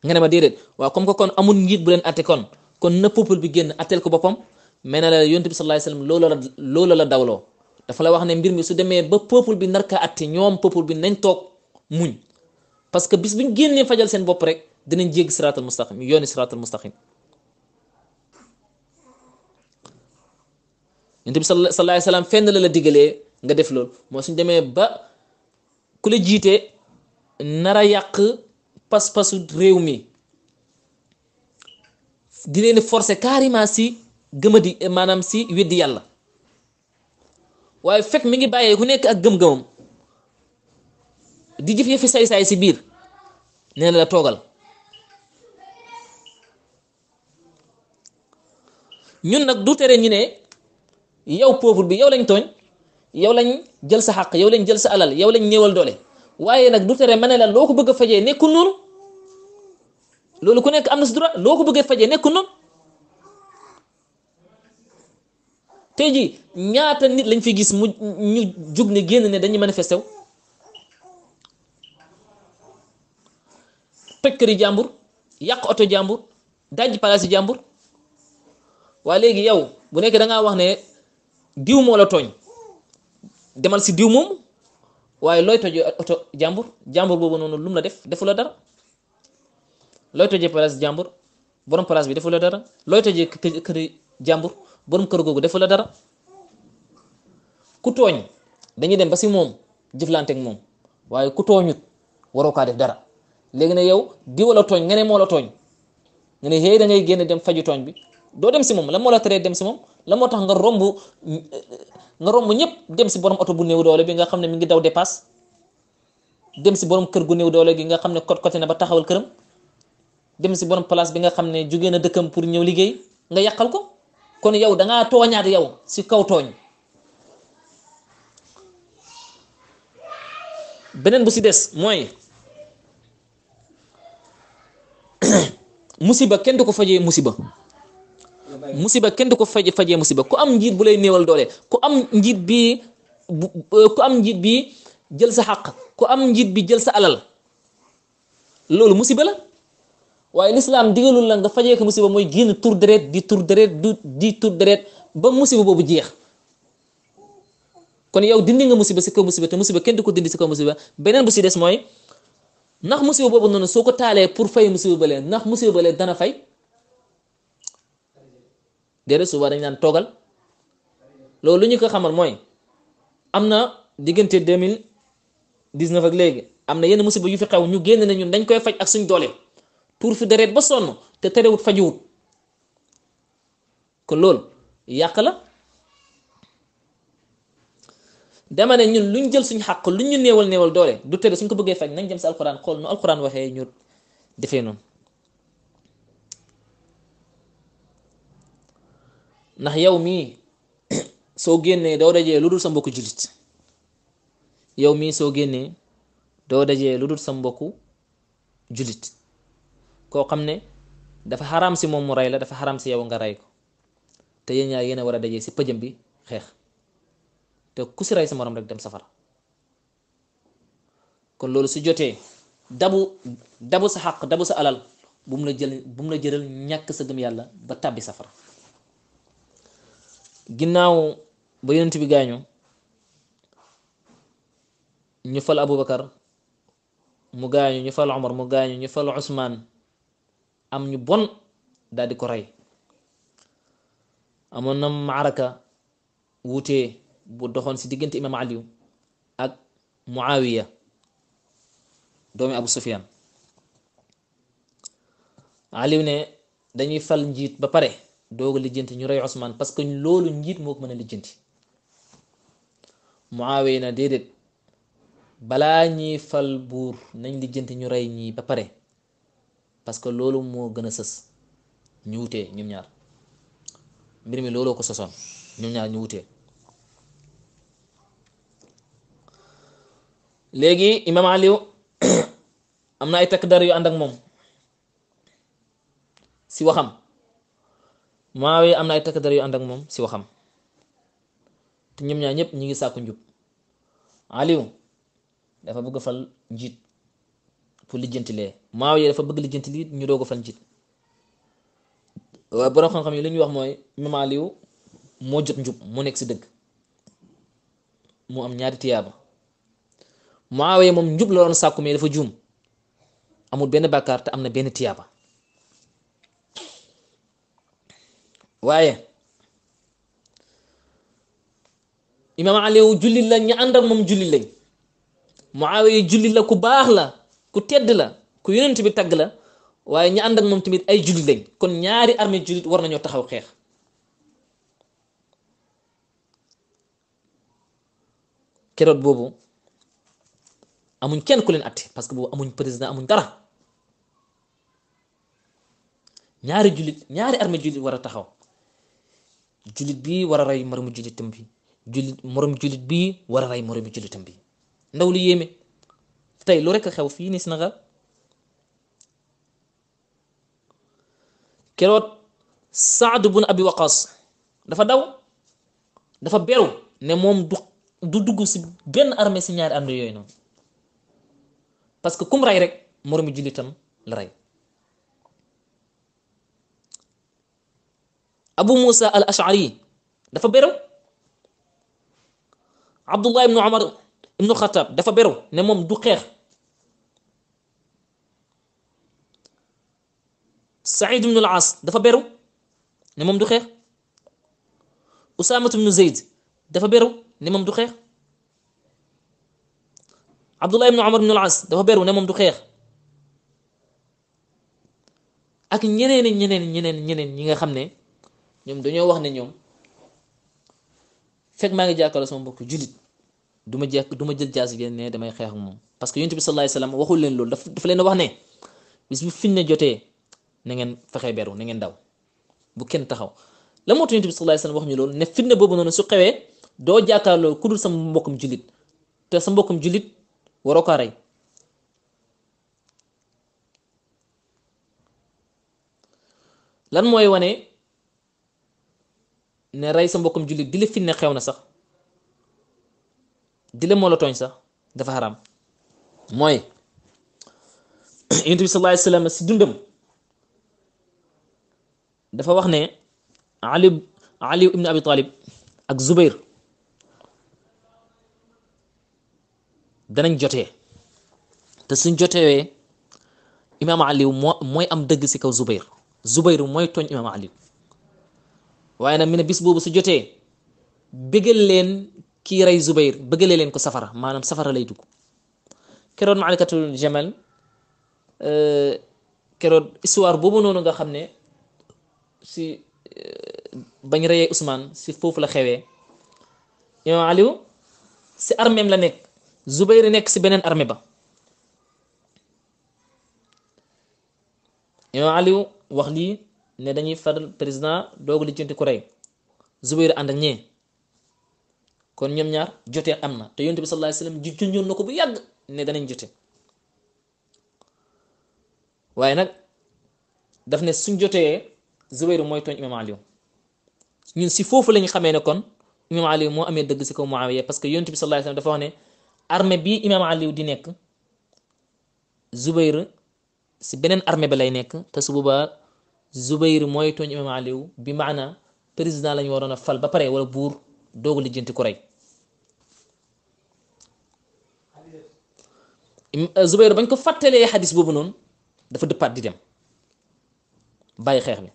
nga ma déedéet waaw comme que kon amul njiit bu leen atte kon kon na peuple bi génn atteel ko boppam mais na la bi sallallahu alayhi wasallam loola la loola dafa la wax ne mbir mi su demee ba peuple bi narka atte ñoom peuple bi nañ toog muñ parce que bis buñ génnee fajal seen bopp rek dinañ jéggi siraatal mustaqim yooni siraatal mustaqim yonent bi sallallahu alayhi wasallam fenn la la diggalee nga def loolu moo suñ demee ba ku la jiite a yàq pas-pasu réew mi di leen forcer carrément si gëmadi maanaam si weddi yàlla waaye fekk mi ngi bàyyee ku nekk ak gëm-gëmam di jëf yëfi say-saay si biir nee na la toogal ñun nag du tere ñu ne yow peuple bi yow lañ tooñ yow lañ jël sa xàq yow lañ jël sa alal yow lañ néewal doole waaye nag du tere ma la loo ko bëgg a fajee nekkul noonu loolu ku nekk am na si droit loo ko bëggee fajee nekk noonu tey ji ñaata nit lañ fi gis mu ñu jug ne génn ne dañuy manifesté wu toj këri jàmbur yàq oto jàmbur dajji palaasi jàmbur waa léegi yow bu nekkee da wax ne diw moo tooñ demal si diw moom waaye looy toj oto jàmbur jàmbur boobu noonu lum la def defu la dara looy tojee place jàmbur borom place bi defu la dara looy tojee kër jàmbur borom kër googu defu la dara ku tooñ dañuy dem ba si moom jëflante moom waaye ku tooñut waroo kaa dara léegi ne yow di tooñ nga moo la tooñ nga ne xëy da génn dem faju tooñ bi doo dem si moom la moo la teree dem si la moo tax nga romb euh, nga romb ñëpp dem si borom oto bu néew doole bi nga xam ne mi ngi daw dépasse dem si borom kër gu new doole gi nga xam ne kot kote na ba taxawal këram dem si borom place bi nga xamne ne na dëkkam pour ñëw liggéey nga yakal ko kon yow da nga toñaat yow si kaw toñ benen bu ci des moy musiba kenn du ko musiba musiba kenn du ko faje fajee musiba ku am njit bu lay neewal doole ku am njit bi ku am njit bi jël sa xaq ku am njit bi jël sa alal loolu musiba la waaye lislaam digalul nag nga fajee ko musiba mooy génn tur deret di tur deret du di tur deret ba musiba boobu jeex kon yow dindi nga musiba si kaw musiba te musiba kenn du ko dindi si kaw musiba beneen bu si des mooy ndax musiba boobu noonu soo ko taalee pour fay musiba balee ndax musiba balee dana fay déedéet suba dañ naan toogal loolu ñu ko xamal mooy am na diggante 2019 ak léegi am na yenn musiba yu fi xew ñu génn ne ñun dañ koy faj ak suñ doolee pour fi deret ba sonn te terewut fajuwut kon loolu yàq la dama ne ñun ñu jël suñ xàq lu ñu néewal néewal doole du tere suñ ko bëggee faj nañ jëm si alquran xool nu alquran waxee ñu defee noonu ndax yow mii soo génnee doo dajee lu dul sa mbokku jullit yow mii soo génnee doo dajee lu dul sa mbokku jullit ko xamne ne dafa haram si mom mu ray la dafa haram si yow nga ray ko te yeen ñaar yeena wara dajé si pëjam bi xex te ku si ray sa morom rek dem safara kon lolu su joté dabu dabu sa haq dabu sa alal bu mu la jël bu mu la jëral ñak sa gëm yalla ba tabbi safara ginnaw ba yoonte bi gañu ñu fal bakkar mu gañu ñu fal umar mu gañu ñu fal usman am ñu bon daal di ko rey amoon na maaraka wuute bu doxoon si diggante imaam aliyu ak muawiya doomi abu sufiyaan aliw ne dañuy fal njiit ba pare dooga lijjanti ñu rey osmaan parce que loolu njiit moo ko mën a lijjanti muawiya na déedéet balaa ñuy fal buur nañ lijjanti ñu rey ñii ba pare parce que loolu moo gën a sës ñu wutee ñu ñaar mbir mi looloo ko sosoon ñoom ñaar ñu wute léegi imaam Aliou am na ay takk yu ànd ak moom si waxam Muawiya am na ay takk yu ànd ak moom si waxam te ñoom ñaar ñëpp ñu ngi sàkku njub Aliou dafa bëgg fal njiit pour lijjanti lee maaw dafa bëgg lijjanti lii ñu doog a fan ci waaye borom xam-xam yi li ñuy wax mooy Imam moo jot njub moo nekk si dëgg mu am ñaari tiyaaba Muawiya moom njub la doon sàkku dafa juum amul benn bàkkaar te am na benn tiyaaba waaye Imam Aliyu la ñu ànd ak moom jullit lañ Muawiya jullit la ku baax la. ku tedd la ku yonent bi tagg la waaye ñu ànd ak moom tamit ay jullit lañ kon ñaari armée jullit war nañoo taxaw xeex keroog boobu amuñ kenn ku leen atte parce que boobu amuñ président amuñ dara ñaari jullit ñaari armée jullit war a taxaw jullit bi war a rey moromu jullitam bi jullit moromu jullit bi war a rey moromu jullitam bi ndaw lu yéeme تاي طيب، لوريكا خوفيني سنغا كيروت سعد بن ابي وقاص دا فا داو دا فا بيرو ني موم دو دوغ سي بن ارمي سي نيار اندو يوي نو باسكو كوم راي ريك مورمي جوليتام لا راي ابو موسى الاشعري دا فا بيرو عبد الله بن عمر ابن الخطاب دفا بيرو نموم دو خير سعيد بن العاص دفا بيرو نموم دو خير أسامة بن زيد دفا بيرو نموم دو خير عبد الله بن عمر بن العاص دفا بيرو نموم دو خير ak ñeneen ñeneen ñeneen ñeneen ñi nga xam ne ñoom dañoo wax ne ñoom fekk maa ngi jàkkaaroo sama mbokk julit du ma jekk du ma jël jaasi gi ne damay xeex ak moom parce que yonent bi sallallahu alayhi waxul leen loolu daf dafa leen wax ne bis bu fitna jotee na ngeen fexe beru na ngeen daw bu kenn taxaw la moo tax yonent bi sallallahu alayhi wasallam wax ne fitna boobu noonu su doo jàkkaarloo ku dul sa mbokkum jullit te sa mbokkum jullit waroo kaa rey lan mooy wane ne rey sa mbokkum jullit di la fitna xew na sax dile moo tooñ sax dafa xaraam mooy yonent bi si dundam dafa wax ne ali ali abi talib ak zubair danañ jotee te suñ jotewee imaam ali moo mooy am dëgg si kaw zubair zubair mooy tooñ imaam ali waaye nag mi bis boobu su jotee bégal leen كي راي زبير بغل لين كو سفره مانام سفره لاي دوك كيرون معركه الجمل ا كيرون اسوار بوبو نونو غا سي باغ راي عثمان سي فوف لا خيوي عاليو سي ارميم لنك نيك زبير نيك سي بنين ارمي با عاليو وغلي واخ لي ني داني فادل بريزيدان دوغلي جينتي كوراي زبير اندك ني kon ñoom ñaar jotee am na te yonent bi sallallahu alayhi wasallam ji na ko bu yàgg ne danañ jote waaye nag daf ne suñ jotee Zubayru mooy tooñ imam Aliou si foofu lañ xamee ne kon imam Aliou moo amee dëgg si kaw Muawiya parce que yonent bi sallallahu alayhi wasallam dafa wax ne armée di nekk Zubayru si beneen armée bi lay nekk te su boobaa Zubayru mooy tooñ imam Aliou bi maana président lañu waroon a fal ba pare wala buur doog lijjanti ku rey Zubayr bañ ko fàttalee xadis boobu noonu dafa dëppaat di dem bàyyi xeex bi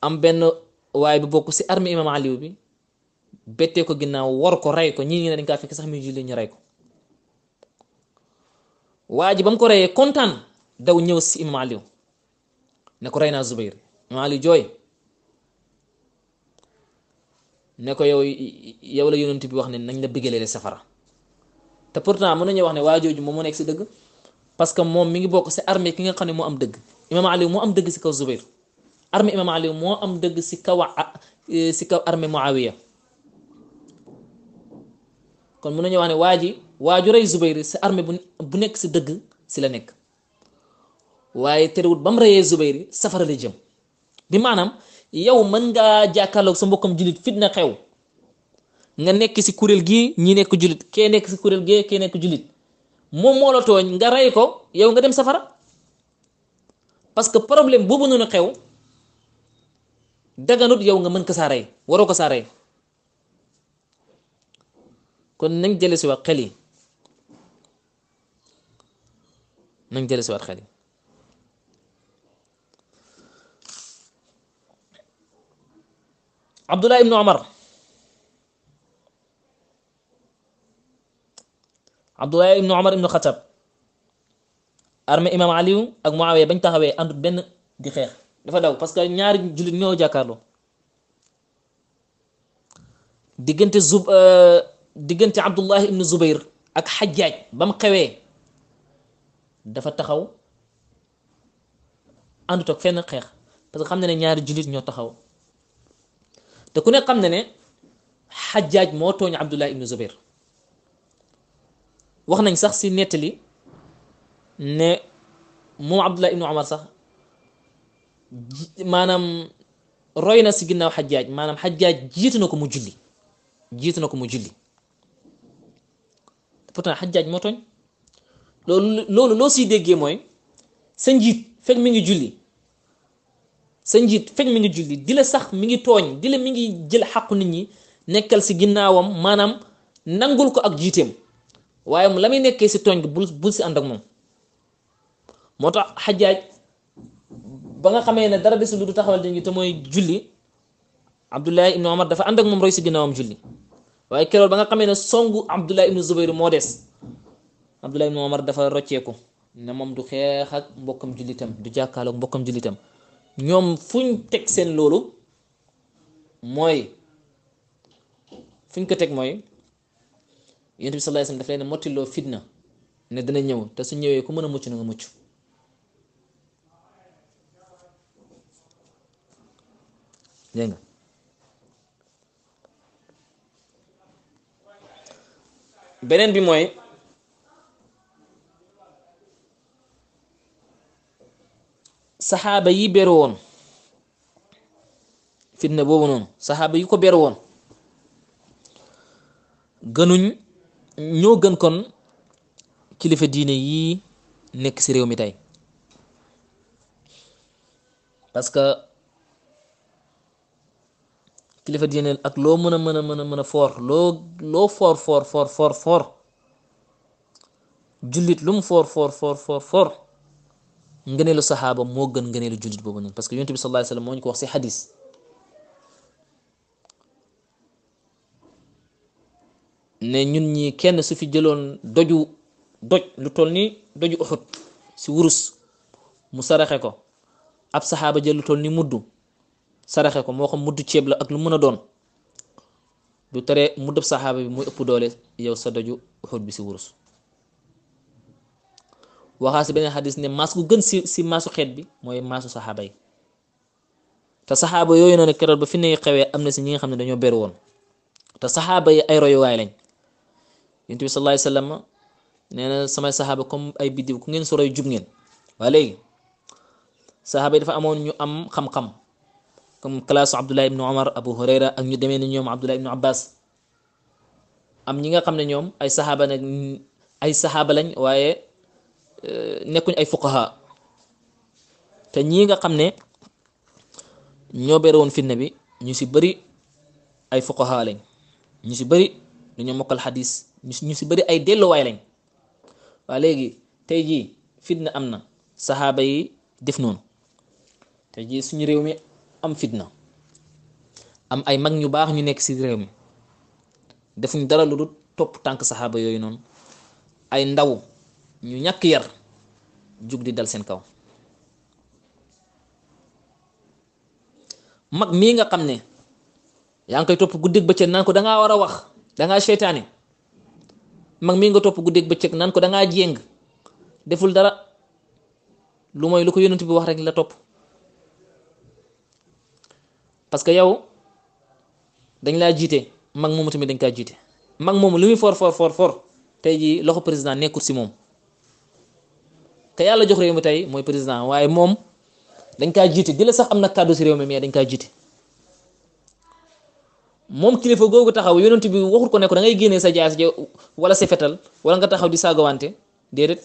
am benn waaye bu bokk si armée imam Aliou bi bettee ko ginnaaw war ko rey ko ñii ñu ne dañ kaa fekk sax muy julli ñu rey ko waa ji ba mu ko reyee kontaan daw ñëw si imam Aliou ne ko rey naa Zubayr imam Aliou jooy ne ko yow yow la yonent bi wax ne nañ la bigaleele safara te pourtant mën nañu wax ne waa jooju moom mu nekk si dëgg parce que moom mi ngi bokk si armée ki nga xam ne moo am dëgg imaam Ali moo am dëgg si kaw Zubair armée imaam Ali moo am dëgg si kaw si kaw armée Muawiya kon nañu wax ne waa ji waa ju rey Zubair si armée bu bu nekk si dëgg si la nekk waaye terewut ba mu reyee Zubair safara la jëm bi maanaam yow mën ngaa jàkkaarloog sa mbokkam jullit fitna xew nga nekk si kuréel gi ñi nekk jullit kee nekk si kuréel gee kee nekk jullit moom moo la tooñ nga rey ko yow nga dem safara parce que problème boobu noonu xew daganut yow nga mën ko saa waroo ko saa kon nañ jële si waat xel yi nañ jële si waat xel yi عبد الله بن عمر عبد الله بن عمر بن الخطاب armée imam aliou ak muawiya bañ taxawee àndut benn di xeex dafa daw parce que ñaari jullit ñoo jàkkaarloo diggante zub diggante abdullahi ibnu zubayr ak xajjaaj ba mu xewee dafa taxaw àndut ak fenn xeex parce que xam na ne ñaari jullit ñoo taxaw te ku ne xam ne ne xajjaaj moo tooñ abdullah ibnu zubair wax nañ sax si nettali ne moom abdullah ibnu omar sax maanaam roy na si ginnaaw xajjaaj maanaam xajjaaj jiit na ko mu julli jiit na ko mu julli pourtant xajjaaj moo tooñ loolu loolu loo siy déggee mooy sa njiit fekk mi ngi julli sa njiit feñ mi ngi julli di sax mi ngi tooñ di la mi ngi jël xàqu nit ñi nekkal si ginnaawam maanaam nangul ko ak jiiteem waaye la muy nekkee si tooñ gi bul bul si ànd ak moom moo tax xajaaj ba nga xamee ne dara bés lu du taxawal dañu te mooy julli abdullahi ibnu omar dafa ànd ak moom roy si ginnaawam julli waaye keroog ba nga xamee ne songu abdullahi ibnu zubayr moo des abdullahi ibnu dafa rocceeku ne moom du xeex ak mbokkam jullitam du jàkkaaloog mbokkam jullitam ñoom fuñ teg seen loolu mooy fuñ ko teg mooy yonent bi sallallahu alayhi wasallam daf leen mottiloo fitna ne dana ñëw te su ñëwee ku mën a mucc na mucc dégg nga beneen bi mooy saxaaba yi bere woon fitna boobu noonu saxaaba yi ko bere woon gënuñ ñoo gën kon kilifa diine yii nekk ci réew mi tey parce que kilifa diine ak loo mën a mën a mën a mën a foor loo loo foor foor foor foor foor jullit lum foor foor foor foor foor ngëneelu saxaaba moo gën ngëneelu jullit boobu noonu parce que yonent bi sallallahu alayhi wasallam moo ñu ko wax si xadis ne ñun ñi kenn su fi jëloon doju doj lu toll nii doju uxut si wurus mu saraxe ko ab saxaaba jël lu toll ni muddu saraxe ko moo xam mudd ceeb la ak lu mën a doon lu tere muddab saxaaba bi muy ëpp doole yow sa doju uxut bi si wurus waxaa si beneen xadis ne maas gu gën si si maasu xeet bi mooy maasu saxaaba yi te saxaaba yooyu noonu keroog ba fi ne xewee am na si ñi nga xam ne dañoo beru woon te saxaaba yi ay royuwaay lañ yonent bi nee na samay saxaaba comme ay biddiw ku ngeen soroy jub ngeen waa léegi saxaaba dafa amoon ñu am xam comme classe Abdullah ibnu Omar Abu Hurayra ak ñu demee ni ñoom Abdullah ibnu Abbas am ñi nga xam ne ñoom ay saxaaba nag ay saxaaba lañ waaye Euh, nekkuñu ay fuqaha te ñii nga xam ne ñoo beere woon fitna bi ñu si bari ay fuqaha lañ ñu si bëri dañoo mokkal xadis ñu si bari ay delluwaay lañ waa léegi tey jii fitna am na saxaaba yi def noonu tey jii suñu réew mi am fitna am ay mag ñu baax ñu nekk si réew mi defuñ dara lu dul topp tànk saxaaba yooyu noonu ay ndaw ñu ñàkk yar jug di dal seen kaw mag mii nga xam ne yaa ngi koy topp guddeeg bëccëg naan ko dangaa war a wax dangaa seytaane mag mii nga topp guddeeg bëccëg naan ko dangaa jéng deful dara lu mooy lu ko yonent bi wax rek la topp parce que yow dañ laa jiite mag moomu tamit dañ kaa jiite mag moomu lu muy for for for for tey jii loxo président nekkul si moom te yàlla jox réew mi tey mooy président waaye moom dañ kaa jiite di la sax am na kàddu si réew mi mais dañ kaa jiite moom kilifa googu taxaw yonent bi waxut ko ne ko da ngay génnee sa jaas wala sa fetal wala nga taxaw di saagawante déedéet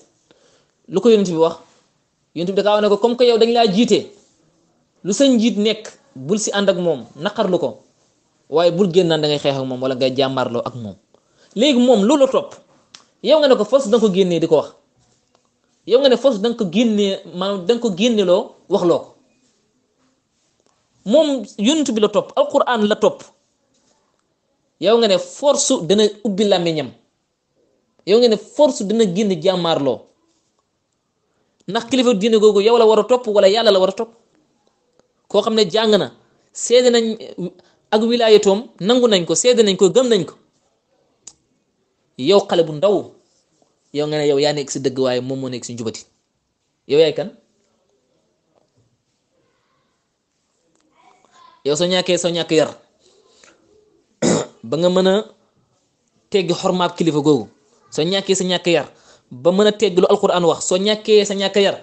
lu ko yonent bi wax yonent bi da kaa wax ne ko comme que yow dañ laa jiite lu sa njiit nekk bul si ànd ak moom naqarlu ko waaye bul génn naan da xeex ak moom wala nga jàmmarloo ak moom léegi moom loolu topp yow nga ne ko fas na génnee di ko wax. yow nga ne force da nga ko génnee maanaam da nga ko génneloo wax loo ko moom yonent bi la topp alquran la topp yow nga ne force dana ubbi làmmiñam yow nga ne force dana génn jàmmaarloo ndax kilifa diine googu yow la war a topp wala yàlla la war a topp koo xam ne jàng na seede nañ ak wilaayatoom nangu nañ ko seede nañ ko gëm nañ ko yow xale bu ndaw yow nga ne yow yaa nekk si dëgg waaye moom moo nekk si njubati yow yaay kan yow soo ñàkkee soo ñàkk yar ba nga mën a teggi xormaab kilifa googu soo ñàkkee sa ñàkk yar ba mën a tegg lu alquran wax soo ñàkkee sa ñàkk yar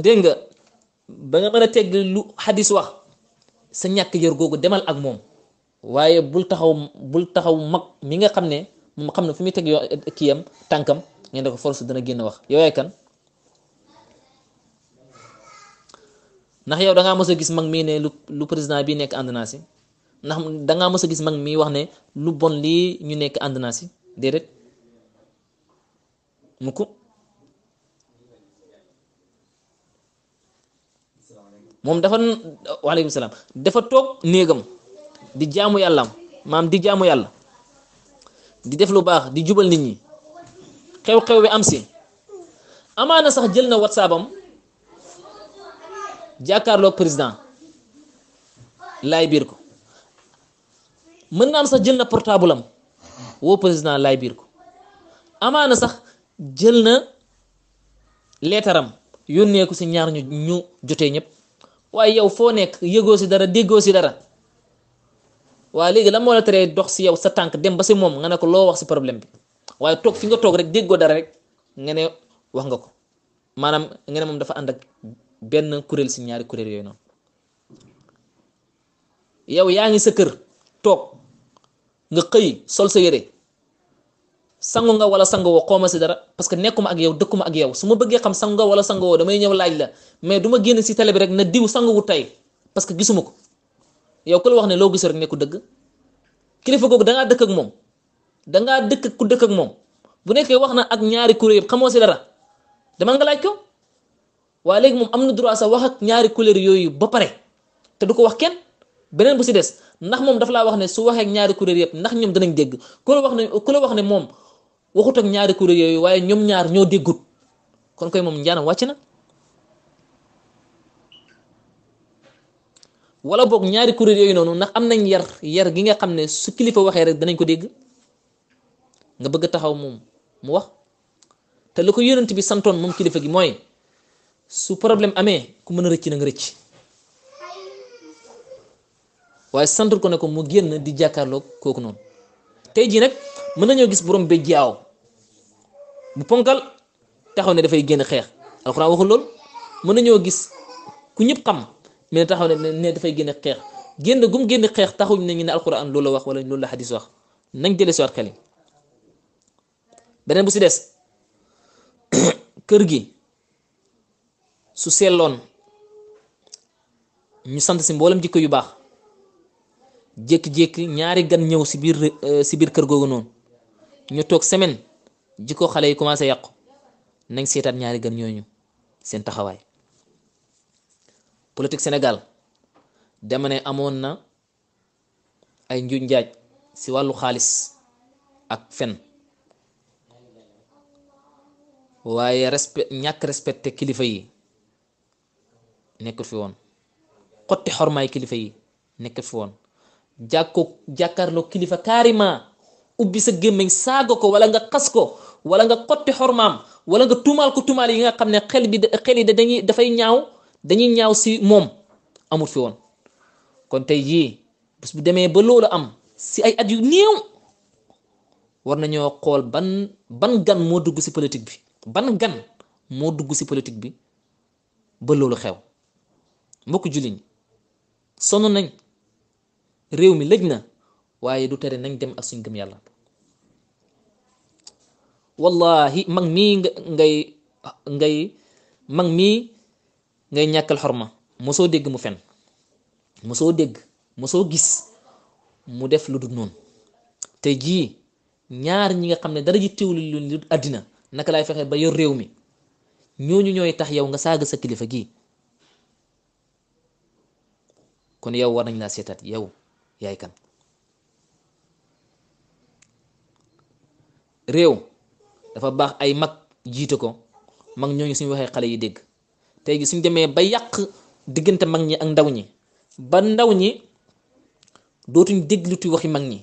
dégg nga ba nga mën a tegg lu xadis wax sa ñàkk yar googu demal ak moom waaye bul taxaw bul taxaw mag mi nga xam ne moom xam ne fu muy teg yoo kiyam tànkam ngeen ne ko force dana génn wax yow yaay kan ndax yow dangaa ngaa mës a gis mag mii ne lu lu président bi nekk ànd naa si ndax da ngaa mës a gis mag mii wax ne lu bon lii ñu nekk ànd naa si déedéet mukk moom dafa waaleykum salaam dafa toog néegam di jaamu yàlla maam di jaamu yàlla. di def lu baax di jubal nit ñi xew-xew wi am si amaana sax jël na whatsapp am jàkkaarloog président lay biir ko mën naa am sax jël na portable woo président lay biir ko amaana sax jël na leetaram yónneeku si ñaar ñu ñu jotee ñëpp waaye yow foo nekk yëgoo si dara déggoo si dara waa léegi lan moo la teree dox si yow sa tànk dem ba si moom nga ne ko loo wax si problème bi waaye toog fi nga toog rek déggoo dara rek nga ne wax nga ko maanaam nga moom dafa ànd ak benn kuréel si ñaari kuréel yooyu noonu yow yaa ngi sa kër toog nga xëy sol sa yére sangu nga wala sangu woo xooma si dara parce que nekkuma ak yow dëkkuma ak yow su ma bëggee xam sangu nga wala sangu woo damay ñëw laaj la mais duma ma génn si télé bi rek na diw sangu wu tey parce que gisuma ko yow ku la wax ne loo gis rek ne ku dëgg kilifa googu dangaa dëkk ak moom dangaa dëkk ku dëkk ak moom bu nekkee wax na ak ñaari kuréel yëpp xamoo si dara dama nga laaj ko waaye léegi moom am na droit sax wax ak ñaari couleur yooyu ba pare te du ko wax kenn beneen bu si des ndax moom dafa laa wax ne su waxee ñaari couleur yëpp ndax ñoom danañ dégg ku la wax ne ku la wax ne moom waxut ak ñaari couleur yooyu waaye ñoom ñaar ñoo déggut kon koy moom njaanam wàcc na wala bok ñaari kurir yoy nonu nak am nañ yar yar gi nga xamne ne su kilifa waxe rek danañ ko deg nga bëgg taxaw mum mu wax te lako yoonent bi santone mum kilifa gi moy su problème amé ku mëna rëcc na nga rëcc way santur ko ne ko mu genn di jakarlo koku non tay ji nak mëna ñu gis borom be jaaw bu ponkal taxaw ne fay genn xex alxuraan waxul lool mëna ñu gis ku ñëpp xam mais taxaw ne ne dafay génne xeex génn gum génn xeex taxuñ ne ñu ne alquran loolu la wax wala loolu la xadis wax nañ jëlee si waat xel beneen bu si des kër gi su selloon ñu sant si mboolem jikko yu baax jékki-jékki ñaari gan ñëw si biir euh, si biir kër googu noonu ñu toog semaine jikko xale yi commencé yàqu nañ seetaat ñaari gan ñooñu seen taxawaay. Politik Senegal, dama ne na ay njuñ njaaj si wàllu xaalis ak fen waye respect ñak respecté kilifa yi nekkul fi won xoti hormay kilifa yi nek fi won jakko jakarlo kilifa karima ubbi sa gémmiñ sago ko wala nga xas ko wala nga xoti hormam wala nga tumal ko tumal yi nga xamne xel bi xel yi dañuy fay ñaaw dañuy ñaaw si moom amut fi woon kon tey jii bés bu demee ba loolu am si ay at yu néew war nañoo xool ban ban gan moo dugg si politique bi ban gan moo dugg si politique bi ba loolu xew mbokk jullit ñi sonn nañ réew mi lëj na waaye du tere nañ dem ak suñ gëm yàlla wallahi mag mii ngay ah, ngay mag mii ngay ñàkkal xorma mosoo dégg mu fen mosoo dégg mosoo gis mu def lu dul noonu te jii ñaar ñi nga xam ne dara ji teewlu lu àddina naka laay fexe ba yor réew mi ñooñu ñooy tax yow nga saaga sa kilifa gii kon yow war nañ laa seetat yow yaay kan réew dafa baax ay mag jiite ko mag ñooñu suñu waxee xale yi dégg tey gi suñ demee ba yaq digënté mag ñi ak ndaw ñi ba ndaw ñi dootuñ dégluti waxi mag ñi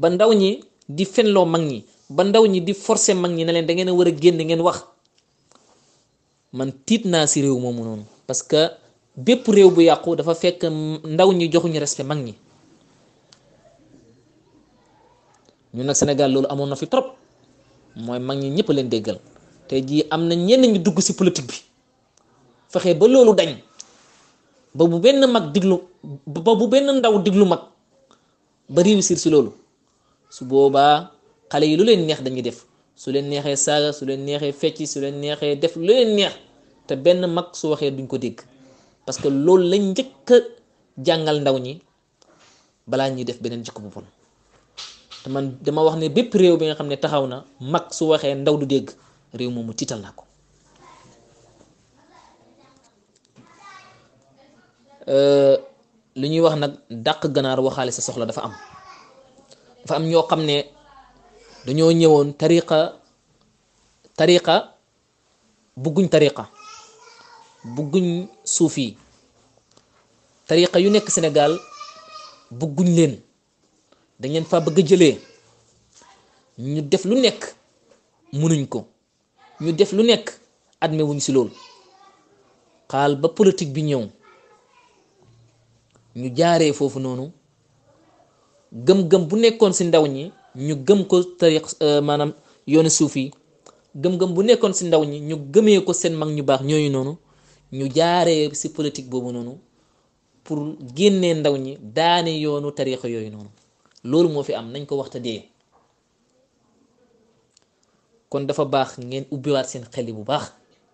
ba ndaw ñi di fenlo mag ñi ba ndaw ñi di forcer mag ñi na leen da ngeen wara war génn ngeen wax man tiit naa si réew moomu noonu parce que bépp réew bu yàqu dafa fekk ndaw ñi joxuñu respect mag ñi ñu nag Sénégal loolu amoon fi trop mooy mag ñi ñëpp leen déggal tey jii am na ñu dugg ci politique bi fexé ba lolu dañ ba bu ben mag diglu ba bu ben ndaw diglu mag ba réussir ci lolu su boba xalé yi lu leen neex dañuy def su leen neexé saga su leen neexé fecc su leen neexé def lu leen neex te ben mag su waxé duñ ko dégg parce que lolu lañ jëk jangal ndaw ñi bala ñuy def benen jikko bu bon te man dama wax ne bép réew bi nga xamné taxaw na mag su waxé ndaw du dégg réew momu Euh, li ñuy wax nag dàq ganaar waxaale sa soxla dafa am dafa am ñoo xam ne dañoo ñëwoon tariqa tariqa bugguñ tariqa suuf suufi tariqa yu nekk senegal bëgguñ leen dañ leen fa bëgg a jëlee ñu def lu nekk mënuñ ko ñu def lu nekk admewuñ si loolu xaal ba politique bi ñëw ñu jaaree foofu noonu gëm-gëm bu nekkoon si ndaw ñi ñu gëm ko tariq euh, maanaam yoonu suuf yi gëm-gëm bu nekkoon si ndaw ñi ñu gëmee ko seen mag ñu baax ñooñu noonu ñu jaaree si politique boobu noonu pour génnee ndaw ñi daane yoonu tariqa yooyu noonu loolu moo fi am nañ ko waxta dee kon dafa baax ngeen ubbiwaat seen xel yi bu baax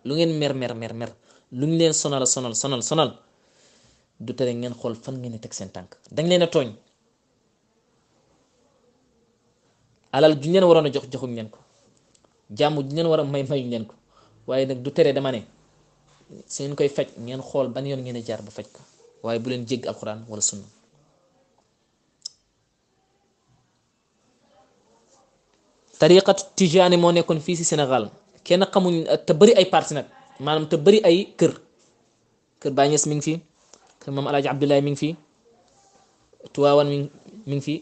lu ngeen mer mer mer lu ñu leen sonal sonal sonal sonal du tere ngeen xol fan ngeen tek teg seen tànk dañ leena togn alal ju ñeen warona jox joxu leen ko jamu ju ñeen wara may may mayuñ ko waye nak du tere dama ne seen koy fajj ngeen xol ban yoon ngeen jaar ba fajj ko waye bu leen jégg alquran wala sunna طريقه tijaani moo nekkoon في si Sénégal kenn تبري اي bëri ay parti nag maanaam te bëri ay kër kër sama maam alaaji abdullahi mi ngi fi tuwaawan mi ngi fi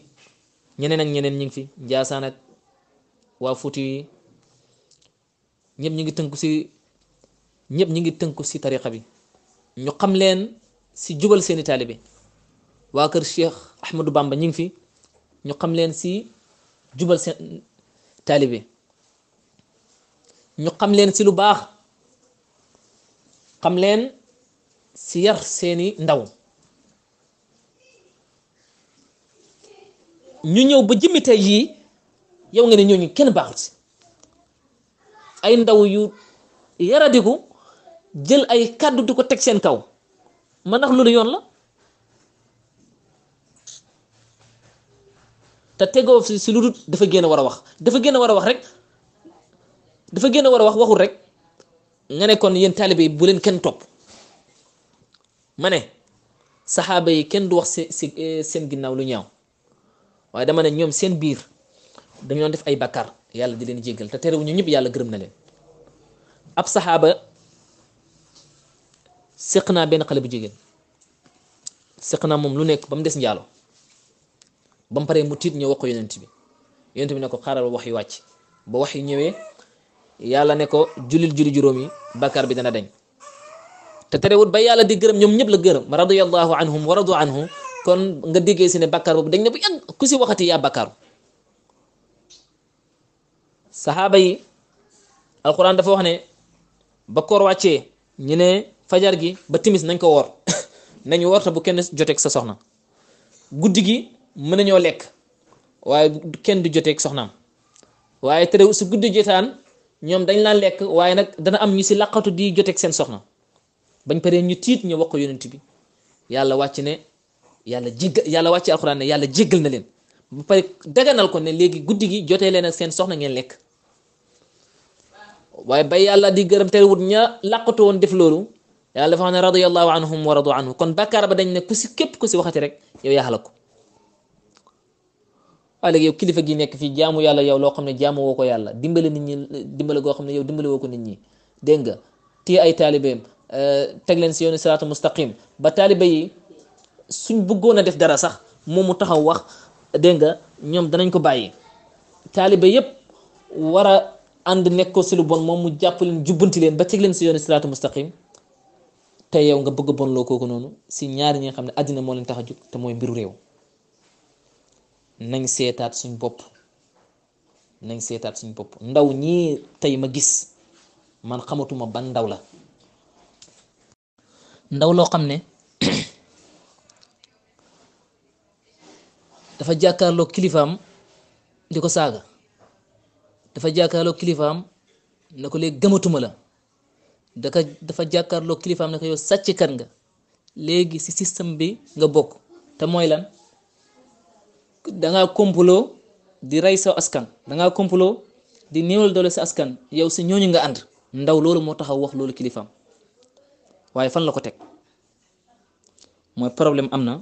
ñeneen ak ñeneen ñi ngi fi njaasaan ak waa fuuti yi ñëpp ñu ngi tënku si ñëpp ñu ngi tënku si tariqa bi ñu xam leen si jubal seeni taalibe waa kër Cheikh Ahmadou Bamba ñu ngi fi ñu xam leen si jubal seen taalibe ñu xam leen si lu baax xam leen si yar seeni ndaw ñu ñëw ba jëmmi tey yii yow nga ne ñooñu kenn baaxut si ay ndaw yu yaradiku jël ay kàddu di ko teg seen kaw man ndax loolu yoon la te tegoo si si lu dul dafa génn war a wax dafa génn war a wax rek dafa génn war a wax waxul rek nga ne kon yéen taalibe yi bu leen kenn topp ma ne saxaaba yi kenn du wax si eh, seen ginnaaw lu ñaaw waaye dama ne ñoom seen biir dañu doon def ay bakkaar yàlla di leen jéggal te terewuñu ñëpp yàlla gërëm na leen ab saxaaba séq naa benn xale bu jigéen séq naa moom lu nekk ba mu des njaalo ba mu paree mu tiit ñëw wax ko yonent bi yonent bi ne ko xaaral wax yu wàcc ba wax yu ñëwee yàlla ne ko julil julli juróom yi bakkaar bi dana deñ te terewul ba yàlla di gërëm ñoom ñëpp la gërëm radiyallahu anhum wa radu anhu kon nga déggee si ne bakkaar boobu dañ ne bu yàgg ku si waxati yaa bakkaaru saxaaba yi alquran dafa wax ne ba koor wàccee ñu ne fajar gi ba timis nañ ko woor nañu woor te bu kenn joteeg sa soxna guddi gi mën nañoo lekk waaye kenn du joteeg soxnaam waaye terewul si guddi jotaan ñoom dañ laan lekk waaye nag dana am ñu si laqatu di joteeg seen soxna bañ paree ñu tiit ñu wax ko yonent bi yàlla wàcc ne yàlla jéggal yàlla wàcc alxuraan ne yàlla jéggal na leen ba pare daganal ko ne léegi guddi gi jotee leen ak seen soxna ngeen lekk waaye ba yàlla di gërëm teel wut ña làqatu woon def loolu yàlla dafa xam ne radiyallahu anhum wa radu anhu kon bàkkaar ba dañ ne képp ku si waxati rek yow yaa xalaat ko waaye léegi yow kilifa gi nekk fi jaamu yàlla yow loo xam ne jaamu woo ko yàlla dimbale nit ñi dimbale goo xam ne yow dimbale woo ko nit ñi dégg nga téye ay taalibeem Euh, teg leen si yoonu siraatu mustaqim ba taaliba yi suñ bëggoon a def dara sax moom mu taxaw wax dégg nga ñoom danañ ko bàyyi taaliba yépp war a ànd nekkoo si lu bon moom mu jàpp leen jubbanti leen ba teg leen si yoonu siraatu mustaqim te yow nga bëgg bon loo kooku noonu si ñaari ñi xam ne àddina moo leen tax a jug te mooy mbiru réew seetaat suñ bopp nañ seetaat suñ bopp ndaw ñii tey ma gis man xamatuma ban ndaw la ndaw loo xam ne dafa jàkkaarloo kilifaam di ko dafa jàkkaarloo kilifaam ne ko léegi la daka dafa jàkkaarloo kilifaam ne ko yow sàcckat nga léegi si system bi nga bokk te mooy lan di sa askan dangaa kompuloo di néewal sa askan yow si ñooñu nga ànd ndaw loolu moo taxaw wax waaye fan la ko teg mooy problème am na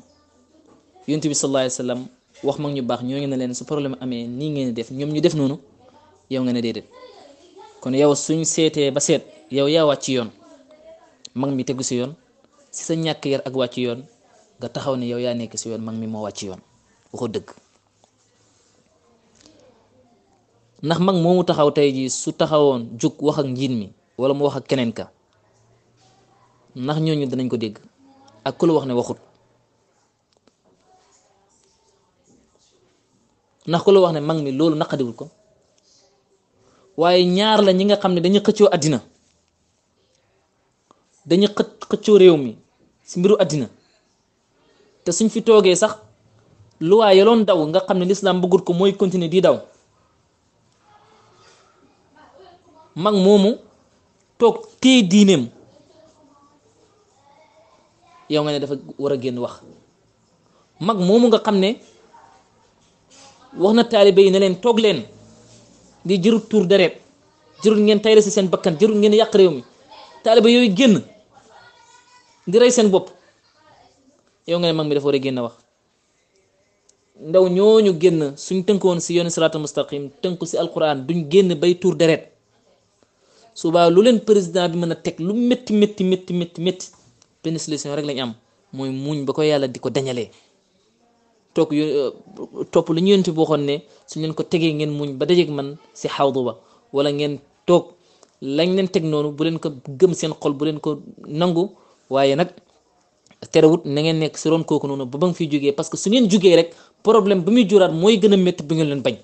yonent bi sallallahu alayhi wax mag ñu baax ñoo ngi leen su problème amee nii ngeen def ñoom ñu def noonu yow nga ne déedéet kon yow suñ seetee ba seet yow yaa wàcc yoon mag mi tegu si yoon si sa ñàkk yar ak wàcc yoon nga taxaw ne yow yaa nekk si yoon mag mi moo wàcc yoon waxoo dëgg ndax mag moomu taxaw tey jii su taxawoon jug wax ak njiit mi wala mu wax ak keneen ka ndax ñooñu dinañ ko dégg ak ku la wax ne waxut ndax ku la wax ne mag mi loolu naqadiwul ko waaye ñaar la ñi nga xam ne dañu xëccoo àddina dañu xë xëccoo réew mi si mbiru àddina te suñ fi toogee sax luwaa yaloon daw nga xam ne lislaam bëggut ko mooy continuer di daw mag moomu toog ti diineem yow nga dafa war a génn wax mag moomu nga xam ne wax na taalibe yi ne leen toog leen di jërul tuur deret jërut ngeen tayla si seen bakkan jërul ngeen yàq réew mi taalibe yooyu génn di rey seen bopp yow ngeen ne mag mi dafa war a génn wax ndaw ñooñu génn suñ woon si yoonu siraatal mustaqim tënku si alquran duñ génn bay tuur deret suba lu leen président bi mën a teg lu métti métti métti métti métti benn solution rek lañ am mooy muñ ba ko yàlla di ko dañalee toog yu euh, topp lu ñu yonent bi waxoon ne su leen ko tegee ngeen muñ ba dajeeg man si xawdu ba wala ngeen toog lañ leen teg noonu bu leen ko gëm seen xol bu leen ko nangu waaye nag terewut na ngeen nekk si ron kooku noonu ba ba nga fiy jógee parce que su ngeen jógee rek problème ba muy juraat mooy gën a métti bi ngeen leen bañ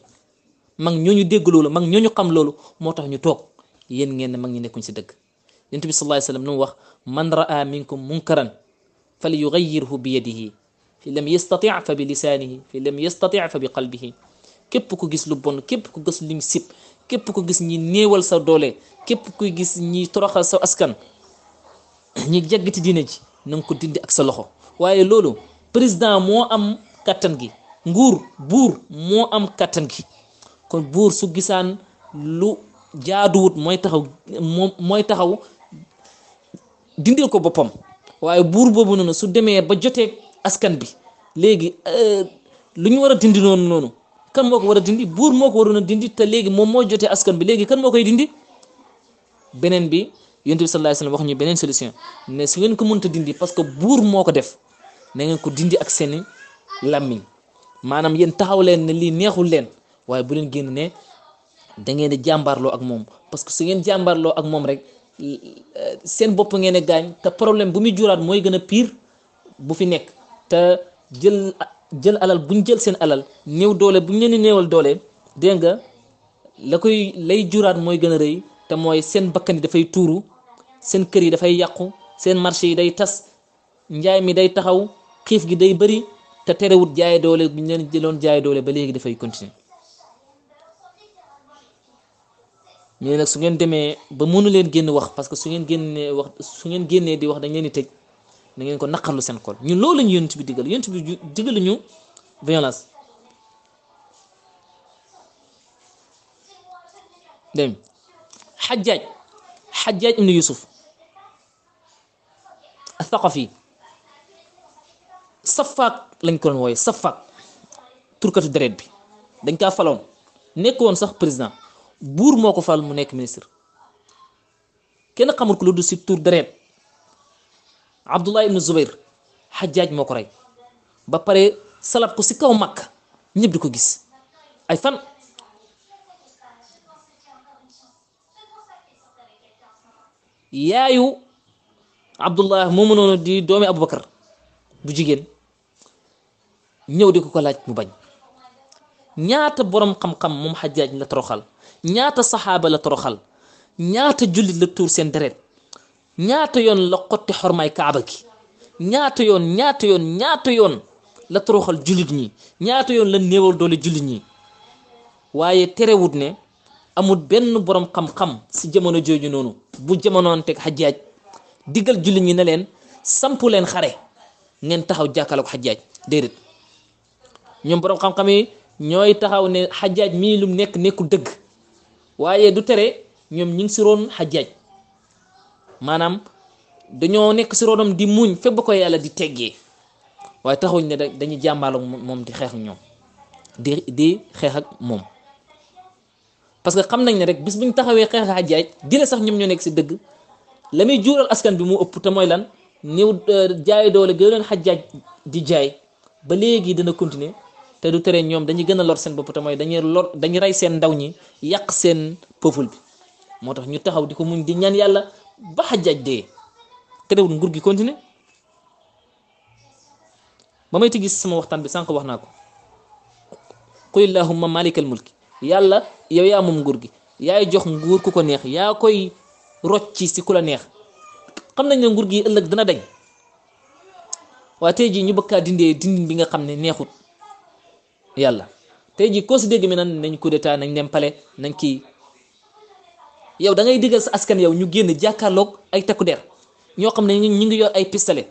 mag ñoo ñu dégg loolu mag ñooñu xam loolu moo tax ñu toog yéen ngeen mag ñi nekkuñ si dëgg ينتبه صلى الله عليه وسلم نوخ من رأى منكم منكرا فليغيره بيده في لم يستطع فبلسانه في لم يستطع فبقلبه كيف كو جس لبون كيف كو جس لم سيب كيف كو جس ني نيوال سا دولي كيف كو جس ني ترخل سا أسكن ني جاك بيت دينج ننكو دين دي أكسلوخو وآي لولو بريزدان مو أم كاتنجي نغور بور مو أم كاتنجي كون بور سو جسان لو جادوت موي تخاو موي تخاو dindil ko boppam waaye buur boobu noonu su demee ba jotee askan bi léegi euh, lu ñu war a dindi noonu noonu kan moo ko war a dindi buur moo ko waroon a dindi te léegi moom moo jotee askan bi léegi kan moo koy dindi beneen bi yonent bi sallallahu alayhi wasallam wax ñu beneen solution ne su ngeen ko mënta dindi parce que buur moo ko def na ngeen ko dindi ak seeni làmmiñ maanaam yéen taxaw leen ne lii neexul leen waaye bu leen génn ne da ngeen di jàmbaarloo ak moom parce que su ngeen jàmbarloo ak moom rek. seen bopp ngeen a gaañ te problème bu muy juraat mooy gën a piir bu fi nekk te jël jël alal buñ jël seen alal néew doole buñ leen di néewal doole dégg nga la koy lay juraat mooy gën a rëy te mooy seen bakkan yi dafay tuuru seen kër yi dafay yàqu seen marché yi day tas njaay mi day taxaw xiif gi day bëri te terewut jaay doole buñ leen jëloon jaay doole ba léegi dafay continuer ñu ne su ngeen demee ba mënu leen génn wax parce que su ngeen génnee wax su di wax dañ leen di tëj da ngeen ko naqarlu seen xol ñun loolu lañu yonent bi digal yonent bi digalu ñu violence dégg xajjaaj xajjaaj ibnu yusuf athaqafi safaak lañ ko doon wooye safaak turkatu deret bi dañ kaa faloon nekk woon sax président bur moko fal mu nek ministre kenn xamul ko luddou ci tour deret abdullah ibn zubair hajjaj moko ray ba pare salab ko ci kaw mak ñepp diko gis ay fan yaayu abdullah moomu di doomi abubakar du jigen ñew di ko laaj mu bañ ñaata borom xam-xam moom hajjaj la toroxal ñaata saxaaba la toroxal ñaata jullit la tuur seen deret ñaata yoon la xotti xormaay kaaba ki ñaata yoon ñaata yoon ñaata yoon la toroxal jullit ñi ñaata yoon la néewal doole jullit ñi waaye terewut ne amut benn borom xam-xam si jamono jooju noonu bu jamonoonteeg xajaaj diggal jullit ñi ne leen sampu leen xare ngeen taxaw jàkkaarloog xajaaj déedéet ñoom borom xam-xam yi ñooy taxaw ne xajaaj mii lu nekk nekkul dëgg waye du tere ñom ñing ci ron hajjaj manam dañoo nek ci ronam di muñ fépp ko yalla di téggé way taxuñ ne dañu jambal ak mom di xex ñom di di xeex ak mom parce que xam nañ ne rek bis buñ taxawé xex ak di la sax ñom ñoo nek ci dëgg lamay jural askan bi mu upp ta moy lan néew euh, jaay doole geulon hajjaj di jaay ba légui dina continuer te du tere ñoom dañuy gën a lor seen bopp te mooy dañuy lor dañuy rey seen ndaw ñi yàq seen peuple bi moo tax ñu taxaw di ko muñ di ñaan yàlla ba xajaaj dee terewul nguur gi continuer ba may ti gis sama waxtaan bi sànq wax naa ko qul illahumma malikal mulki yàlla yow yaa moom nguur gi yaay jox nguur ku ko neex yaa koy rocci si ku la neex xam nañ ne nguur gi ëllëg dana dañ waaye tey ji ñu bëgg dindee dindin bi nga xam ne neexut yalla teji ji considéré mi nan nagn coup d'état nagn dem palais nagn ki yow da ngay digal askan yow ñu genn jakarlok ay takku der ño xamne ñi ngi yor ay pistolet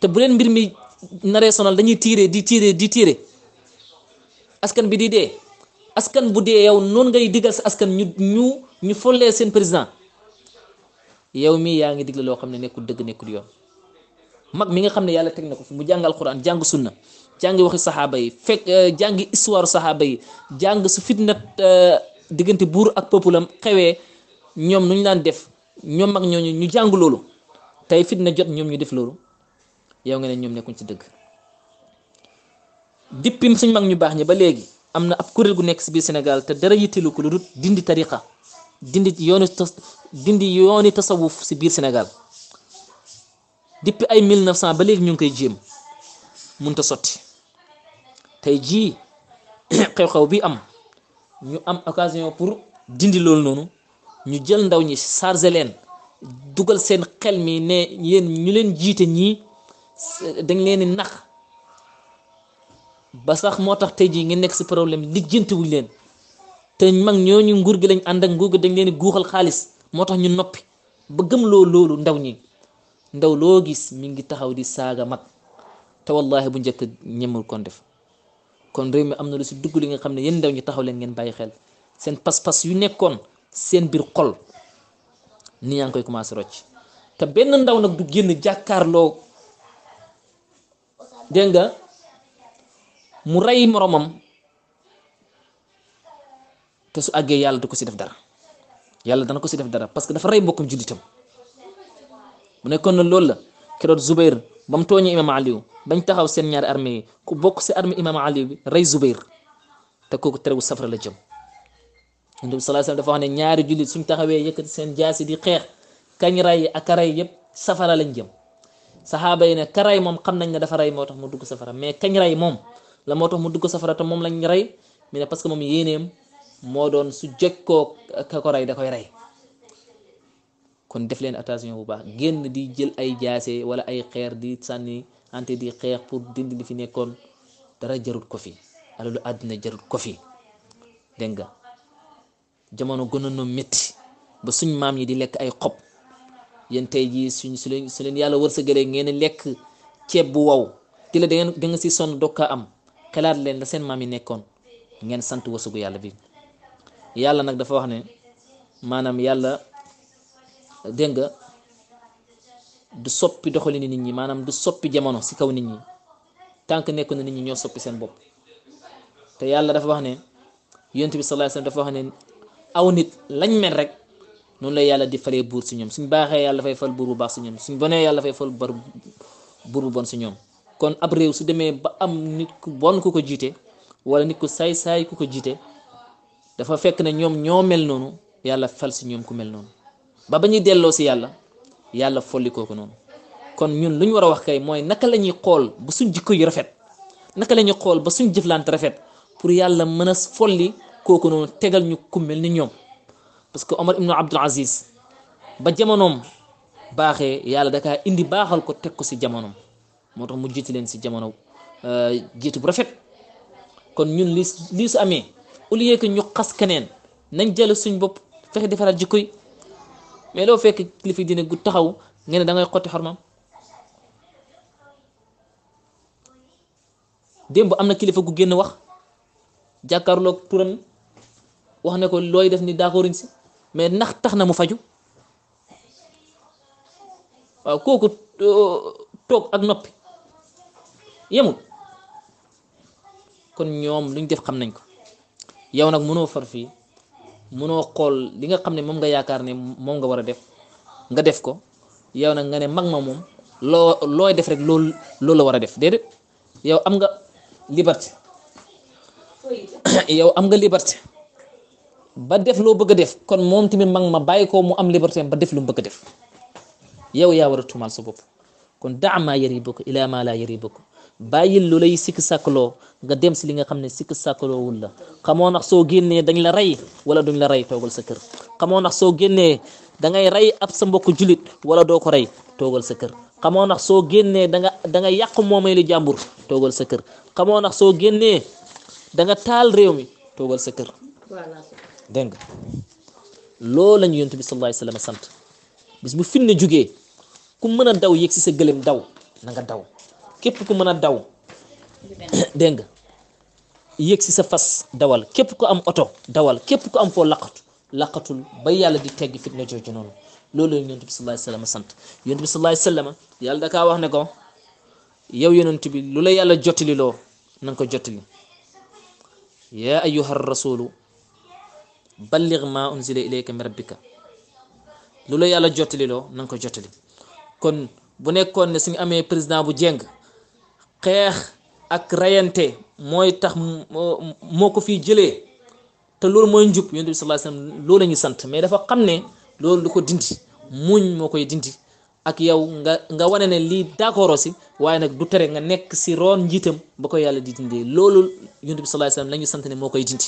te bu len mbir mi sonal dañuy tirer di tirer di tirer askan bi di dé askan bu ya yow non ngay digal askan ñu ñu ñu follé sen président yow mi ya nga digle lo xamne ne deug dëgg yoon mag mi nga xamne yalla tek nako mu jangal quran jang sunna jàngi waxi sahaba yi fekk eh, jàngi histoire sahaba yi jàng su fitna eh, diggante buur ak pëpulam xewee ñoom nu ñu def ñoom ak ñooñu ñu jàng loolu tey fitna jot ñoom ñu def loolu yow nga ne ñoom nekkuñ ci dëgg dippim suñ mag ñu baax ñi ba léegi am na ab kuréel gu nekk si biir Sénégal te dara yitteelu ko lu dul dindi tariqa dindi yooni dindi yooni tasawuf si biir Sénégal depuis ay 1900 ba léegi ñu ngi koy jéem munta sotti tey jii xew-xew bi am ñu am occasion pour dindi loolu noonu ñu jël ndaw ñi chargé leen dugal seen xel mii ne yéen ñu leen jiite ñii dañ leen nax ba sax moo tax tey jii ngeen nekk si problème lijjanti leen te mag ñooñu nguur gi lañ ànd ak nguur gi dañ leen guuxal xaalis moo tax ñu noppi ba gëm loo loolu ndaw ñi ndaw loo gis mi ngi taxaw di saaga mag te wallahi bu njëkk ñemul kon def kon réew mi am na lu si dugg li nga xam ne yéen ndaw ñi taxaw leen ngeen bàyyi xel seen pas-pas yu nekkoon seen biir xol ni yaa ngi koy commencé rocc te benn ndaw nag du génn jàkkaarloo dégg nga mu rey moroomam te su àggee yàlla du ko si def dara yàlla dana ko si def dara parce que dafa rey mbokkum jullitam mu nekkoon na loolu la keroog Zubair bam mu imam ali bañ taxaw sen ñaar armée ku bok ci armée imam ali bi ray Zubair te kooku terewul safara la jëm ndum sallallahu alayhi wasallam dafa wax ne ñaari julit suñ taxawé yëkkat sen jaasi di xex kañ ray ak ray yëp safara lañ jëm sahaba yi ne karay mom moom xam nañ ne dafa ray motax mu dugg safara mais kañ ray mom la motax mu dugg safara te mom lañ ray mi ne parce que mom yeneem moo doon su jekko ko ray da koy ray kon def leen attention bu baax génn di jël ay jaase wala ay xeer di sànni ante di xeex pour dindi li fi nekkoon dara jarut ko fi alalu àddina jarut ko fi dégg nga jamono gënoon na métti ba suñ maam yi di lekk ay xob yéen tey jii suñ su leen su leen yàlla wërsëgalee ngeen lekk ceeb bu wow di la dangeen da nga si sonn dokka am xalaat leen la seen maam yi nekkoon ngeen sant wërsëgu yàlla bi yàlla nag dafa wax ne maanaam yàlla. dégg nga du soppi doxalini nit ñi maanaam du soppi jamono si kaw nit ñi tant que nekk na nit ñi ñoo soppi seen bopp te yàlla dafa wax ne yonent bi sallallahu dafa wax ne nit lañ mel rek noonu yàlla di falee buur si ñoom suñ baaxee yàlla dafay fal buur bu baax si ñoom suñ bonee yàlla dafay fal buur bu si ñoom kon ab su demee ba am nit ku bon ku ko jiite wala nit ku saay ku ko jiite dafa fekk ne ñoom ñoo mel noonu yàlla fal si ñoom ku mel noonu ba bañu dello ci yàlla yàlla folli koku non kon ñun luñu wara wax kay moy naka lañuy xol xool ba suñ jikko yu rafet naka lañuy xol ba suñu jëflante rafet pour yàlla mëna folli koku non tegal ñu ku melni ñom parce que Omar ibn abd alaziz ba jamonoom baxé yàlla dakaa indi baxal ko tek ko si jamonoom motax mu jiiti leen si jamono jitt bu rafet kon ñun li su amé au lieu que ñu xass keneen nañ jël suñu bop fexe defal jikko mais loo fekk kilifa diine gu taxaw nga dangay da ngay xotti démb am na kilifa gu génn wax jàkkaarloog turam wax ne ko looy def ni d'accorduñ si mais ndax tax na mu faju waaw kooku euh, toog ak noppi yemul kon ñoom luñ def xam nañ ko yow nag mënoo far fii mënoo xool li nga xam ne moom nga yaakaar ne moom nga war a def nga def ko yow nag nga ne mag ma moom loo looy def rek loolu loolu la war a def déedéet yow am nga liberté yow am nga liberté ba def loo bëgg a def kon moom tamit mag ma bàyyi ko mu am liberté ba def lu mu bëgg def yow yaa war a tuumaal sa kon daa maa yëri bokk ilaa maa laa yi bokk baa bàyyil lu lay sikk sàkkaloo nga dem si li nga xam ne sikk sàkkaloowul la xamoo nax soo génnee dañ la rey wala duñ la rey toogal sa kër xamoo nax soo génnee dangay ngay rey ab sa mbokk julit wala doo ko rey toogal sa kër xamoo nax soo génnee danga nga da nga yàq jàmbur toogal sa kër xamoo nax soo génnee da taal réew mi toogal sa kër dégg nga loolu la ñu yonent bi sallallahu alayhi wa sant bis bu finne jugee kum mën a daw yëg si sa gëlëm daw na daw képp ko mën a daw dégg nga yéeg si sa fas dawal képp ku am oto dawal képp ku am foo laqatu laqatul ba yàlla di tegg fitna jooju noonu loolu la yonent bi sallallahu alayhi sant yonent bi sallallahu yàlla da kaa wax ne ko yow yonent bi lu yàlla jottali loo na ko jottali yaa ayyuha rasulu balligh ma unzila ilayka min rabbika lu la yàlla jottali loo na ko jottali kon bu nekkoon ne suñu amee président bu jeng xeex ak rayante mooy tax moo ko fi jëlee te loolu mooy njub yonent bi sallallahu alayhi wasallam loolu la ñu sant mais dafa xam ne loolu du ko dindi muñ moo koy dindi ak yow nga nga wane ne lii d'accord si waaye nag du tere nga nekk si roon njiitam ba ko yàlla di dindee loolu yonent bi sallallahu alayhi wasallam la ñu sant ne moo koy dindi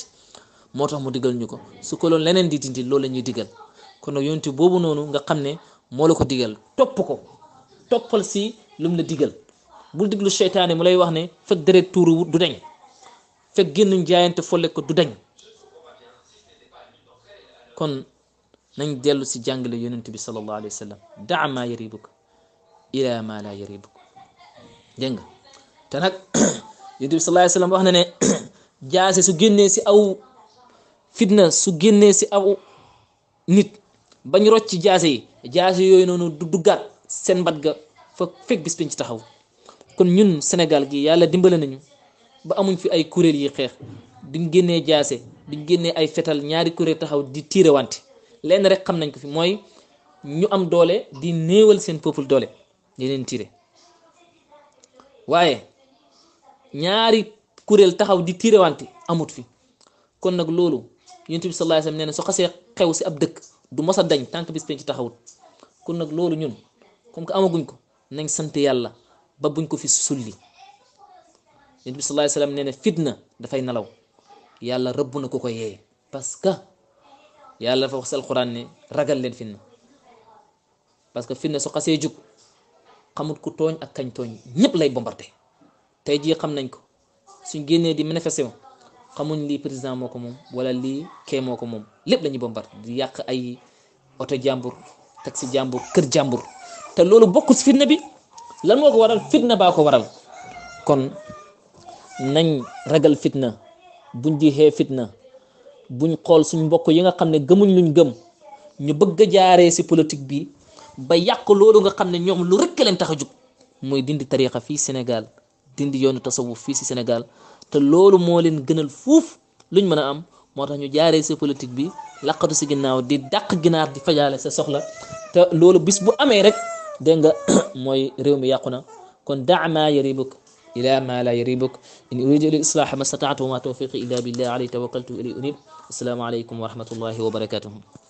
moo tax mu digal ñu ko su ko loolu leneen di dindi loolu la ñuy digal kon nag yonent boobu noonu nga xam ne moo la ko digal topp ko toppal si lu la digal bul diglu seytaane mu lay wax ne fekk deret tuuruwut du dañ fekk génnuñ jaayante folle ko du dañ kon nañ dellu si jàngale yonent bi sallallahu alayhi wa sallam daa maa yaribuka ila ma laa te nag yonent bi wax na ne jaase su génnee si aw fitna su génnee si aw nit bañ rocc jaase yi jaase yooyu noonu du duggaat seen mbat ga fa fekk bis biñ ci taxaw kon ñun Sénégal gi yàlla dimbali nañu ba amuñ fi ay kuréel yi xeex duñ génnee jaase duñ génnee ay fetal ñaari kuréel taxaw di tiire wante lenn rek xam nañ ko fi mooy ñu am doole di néewal seen peuple doole di leen tiire waaye ñaari kuréel taxaw di tiire wante amut fi kon nag loolu yonent bi sallallahu alayhi wasallam nee xasee xew si ab dëkk du mos a dañ tànk bis ci taxawut kon nag loolu ñun comme que amaguñ ko nañ sant yàlla ba buñ ko fi sulli yonent bi sallallahu alayhi wasallam nee na fitna dafay nelaw yàlla rëbb na ko ko yee parce que yàlla dafa wax si ne ragal leen fitna parce que fitna su xasee jug xamut ku tooñ ak kañ tooñ ñëpp lay bombardé tey jii xam nañ ko suñ génnee di manifesté xamuñ lii président moo ko moom wala lii kee moo ko moom lépp lañuy ñuy bombardé di yàq ay oto jàmbur taxi jàmbur kër jàmbur te loolu bokkul fitna bi. lan moo ko waral fitna baa ko waral kon nañ ragal fitna buñ jixee fitna buñ xool suñ mbokk yi nga xam ne gëmuñ luñ gëm ñu bëgg a jaaree si politique bi ba yàq loolu nga xam ne ñoom lu rëkk leen tax a jug mooy dindi tariixa fii Sénégal dindi yoonu tasawuf fii si Sénégal te loolu moo leen gënal fuuf luñ mën a am moo tax ñu jaaree si politique bi laqatu si ginnaaw di dàq ginaar di fajaale sa soxla te loolu bis bu amee rek دنجا موي ريومي يقنا كن دع ما يريبك إلى ما لا يريبك إن أريد الإصلاح ما استطعت وما توفيقي إلا بالله عليه توكلت إلي أنيب السلام عليكم ورحمة الله وبركاته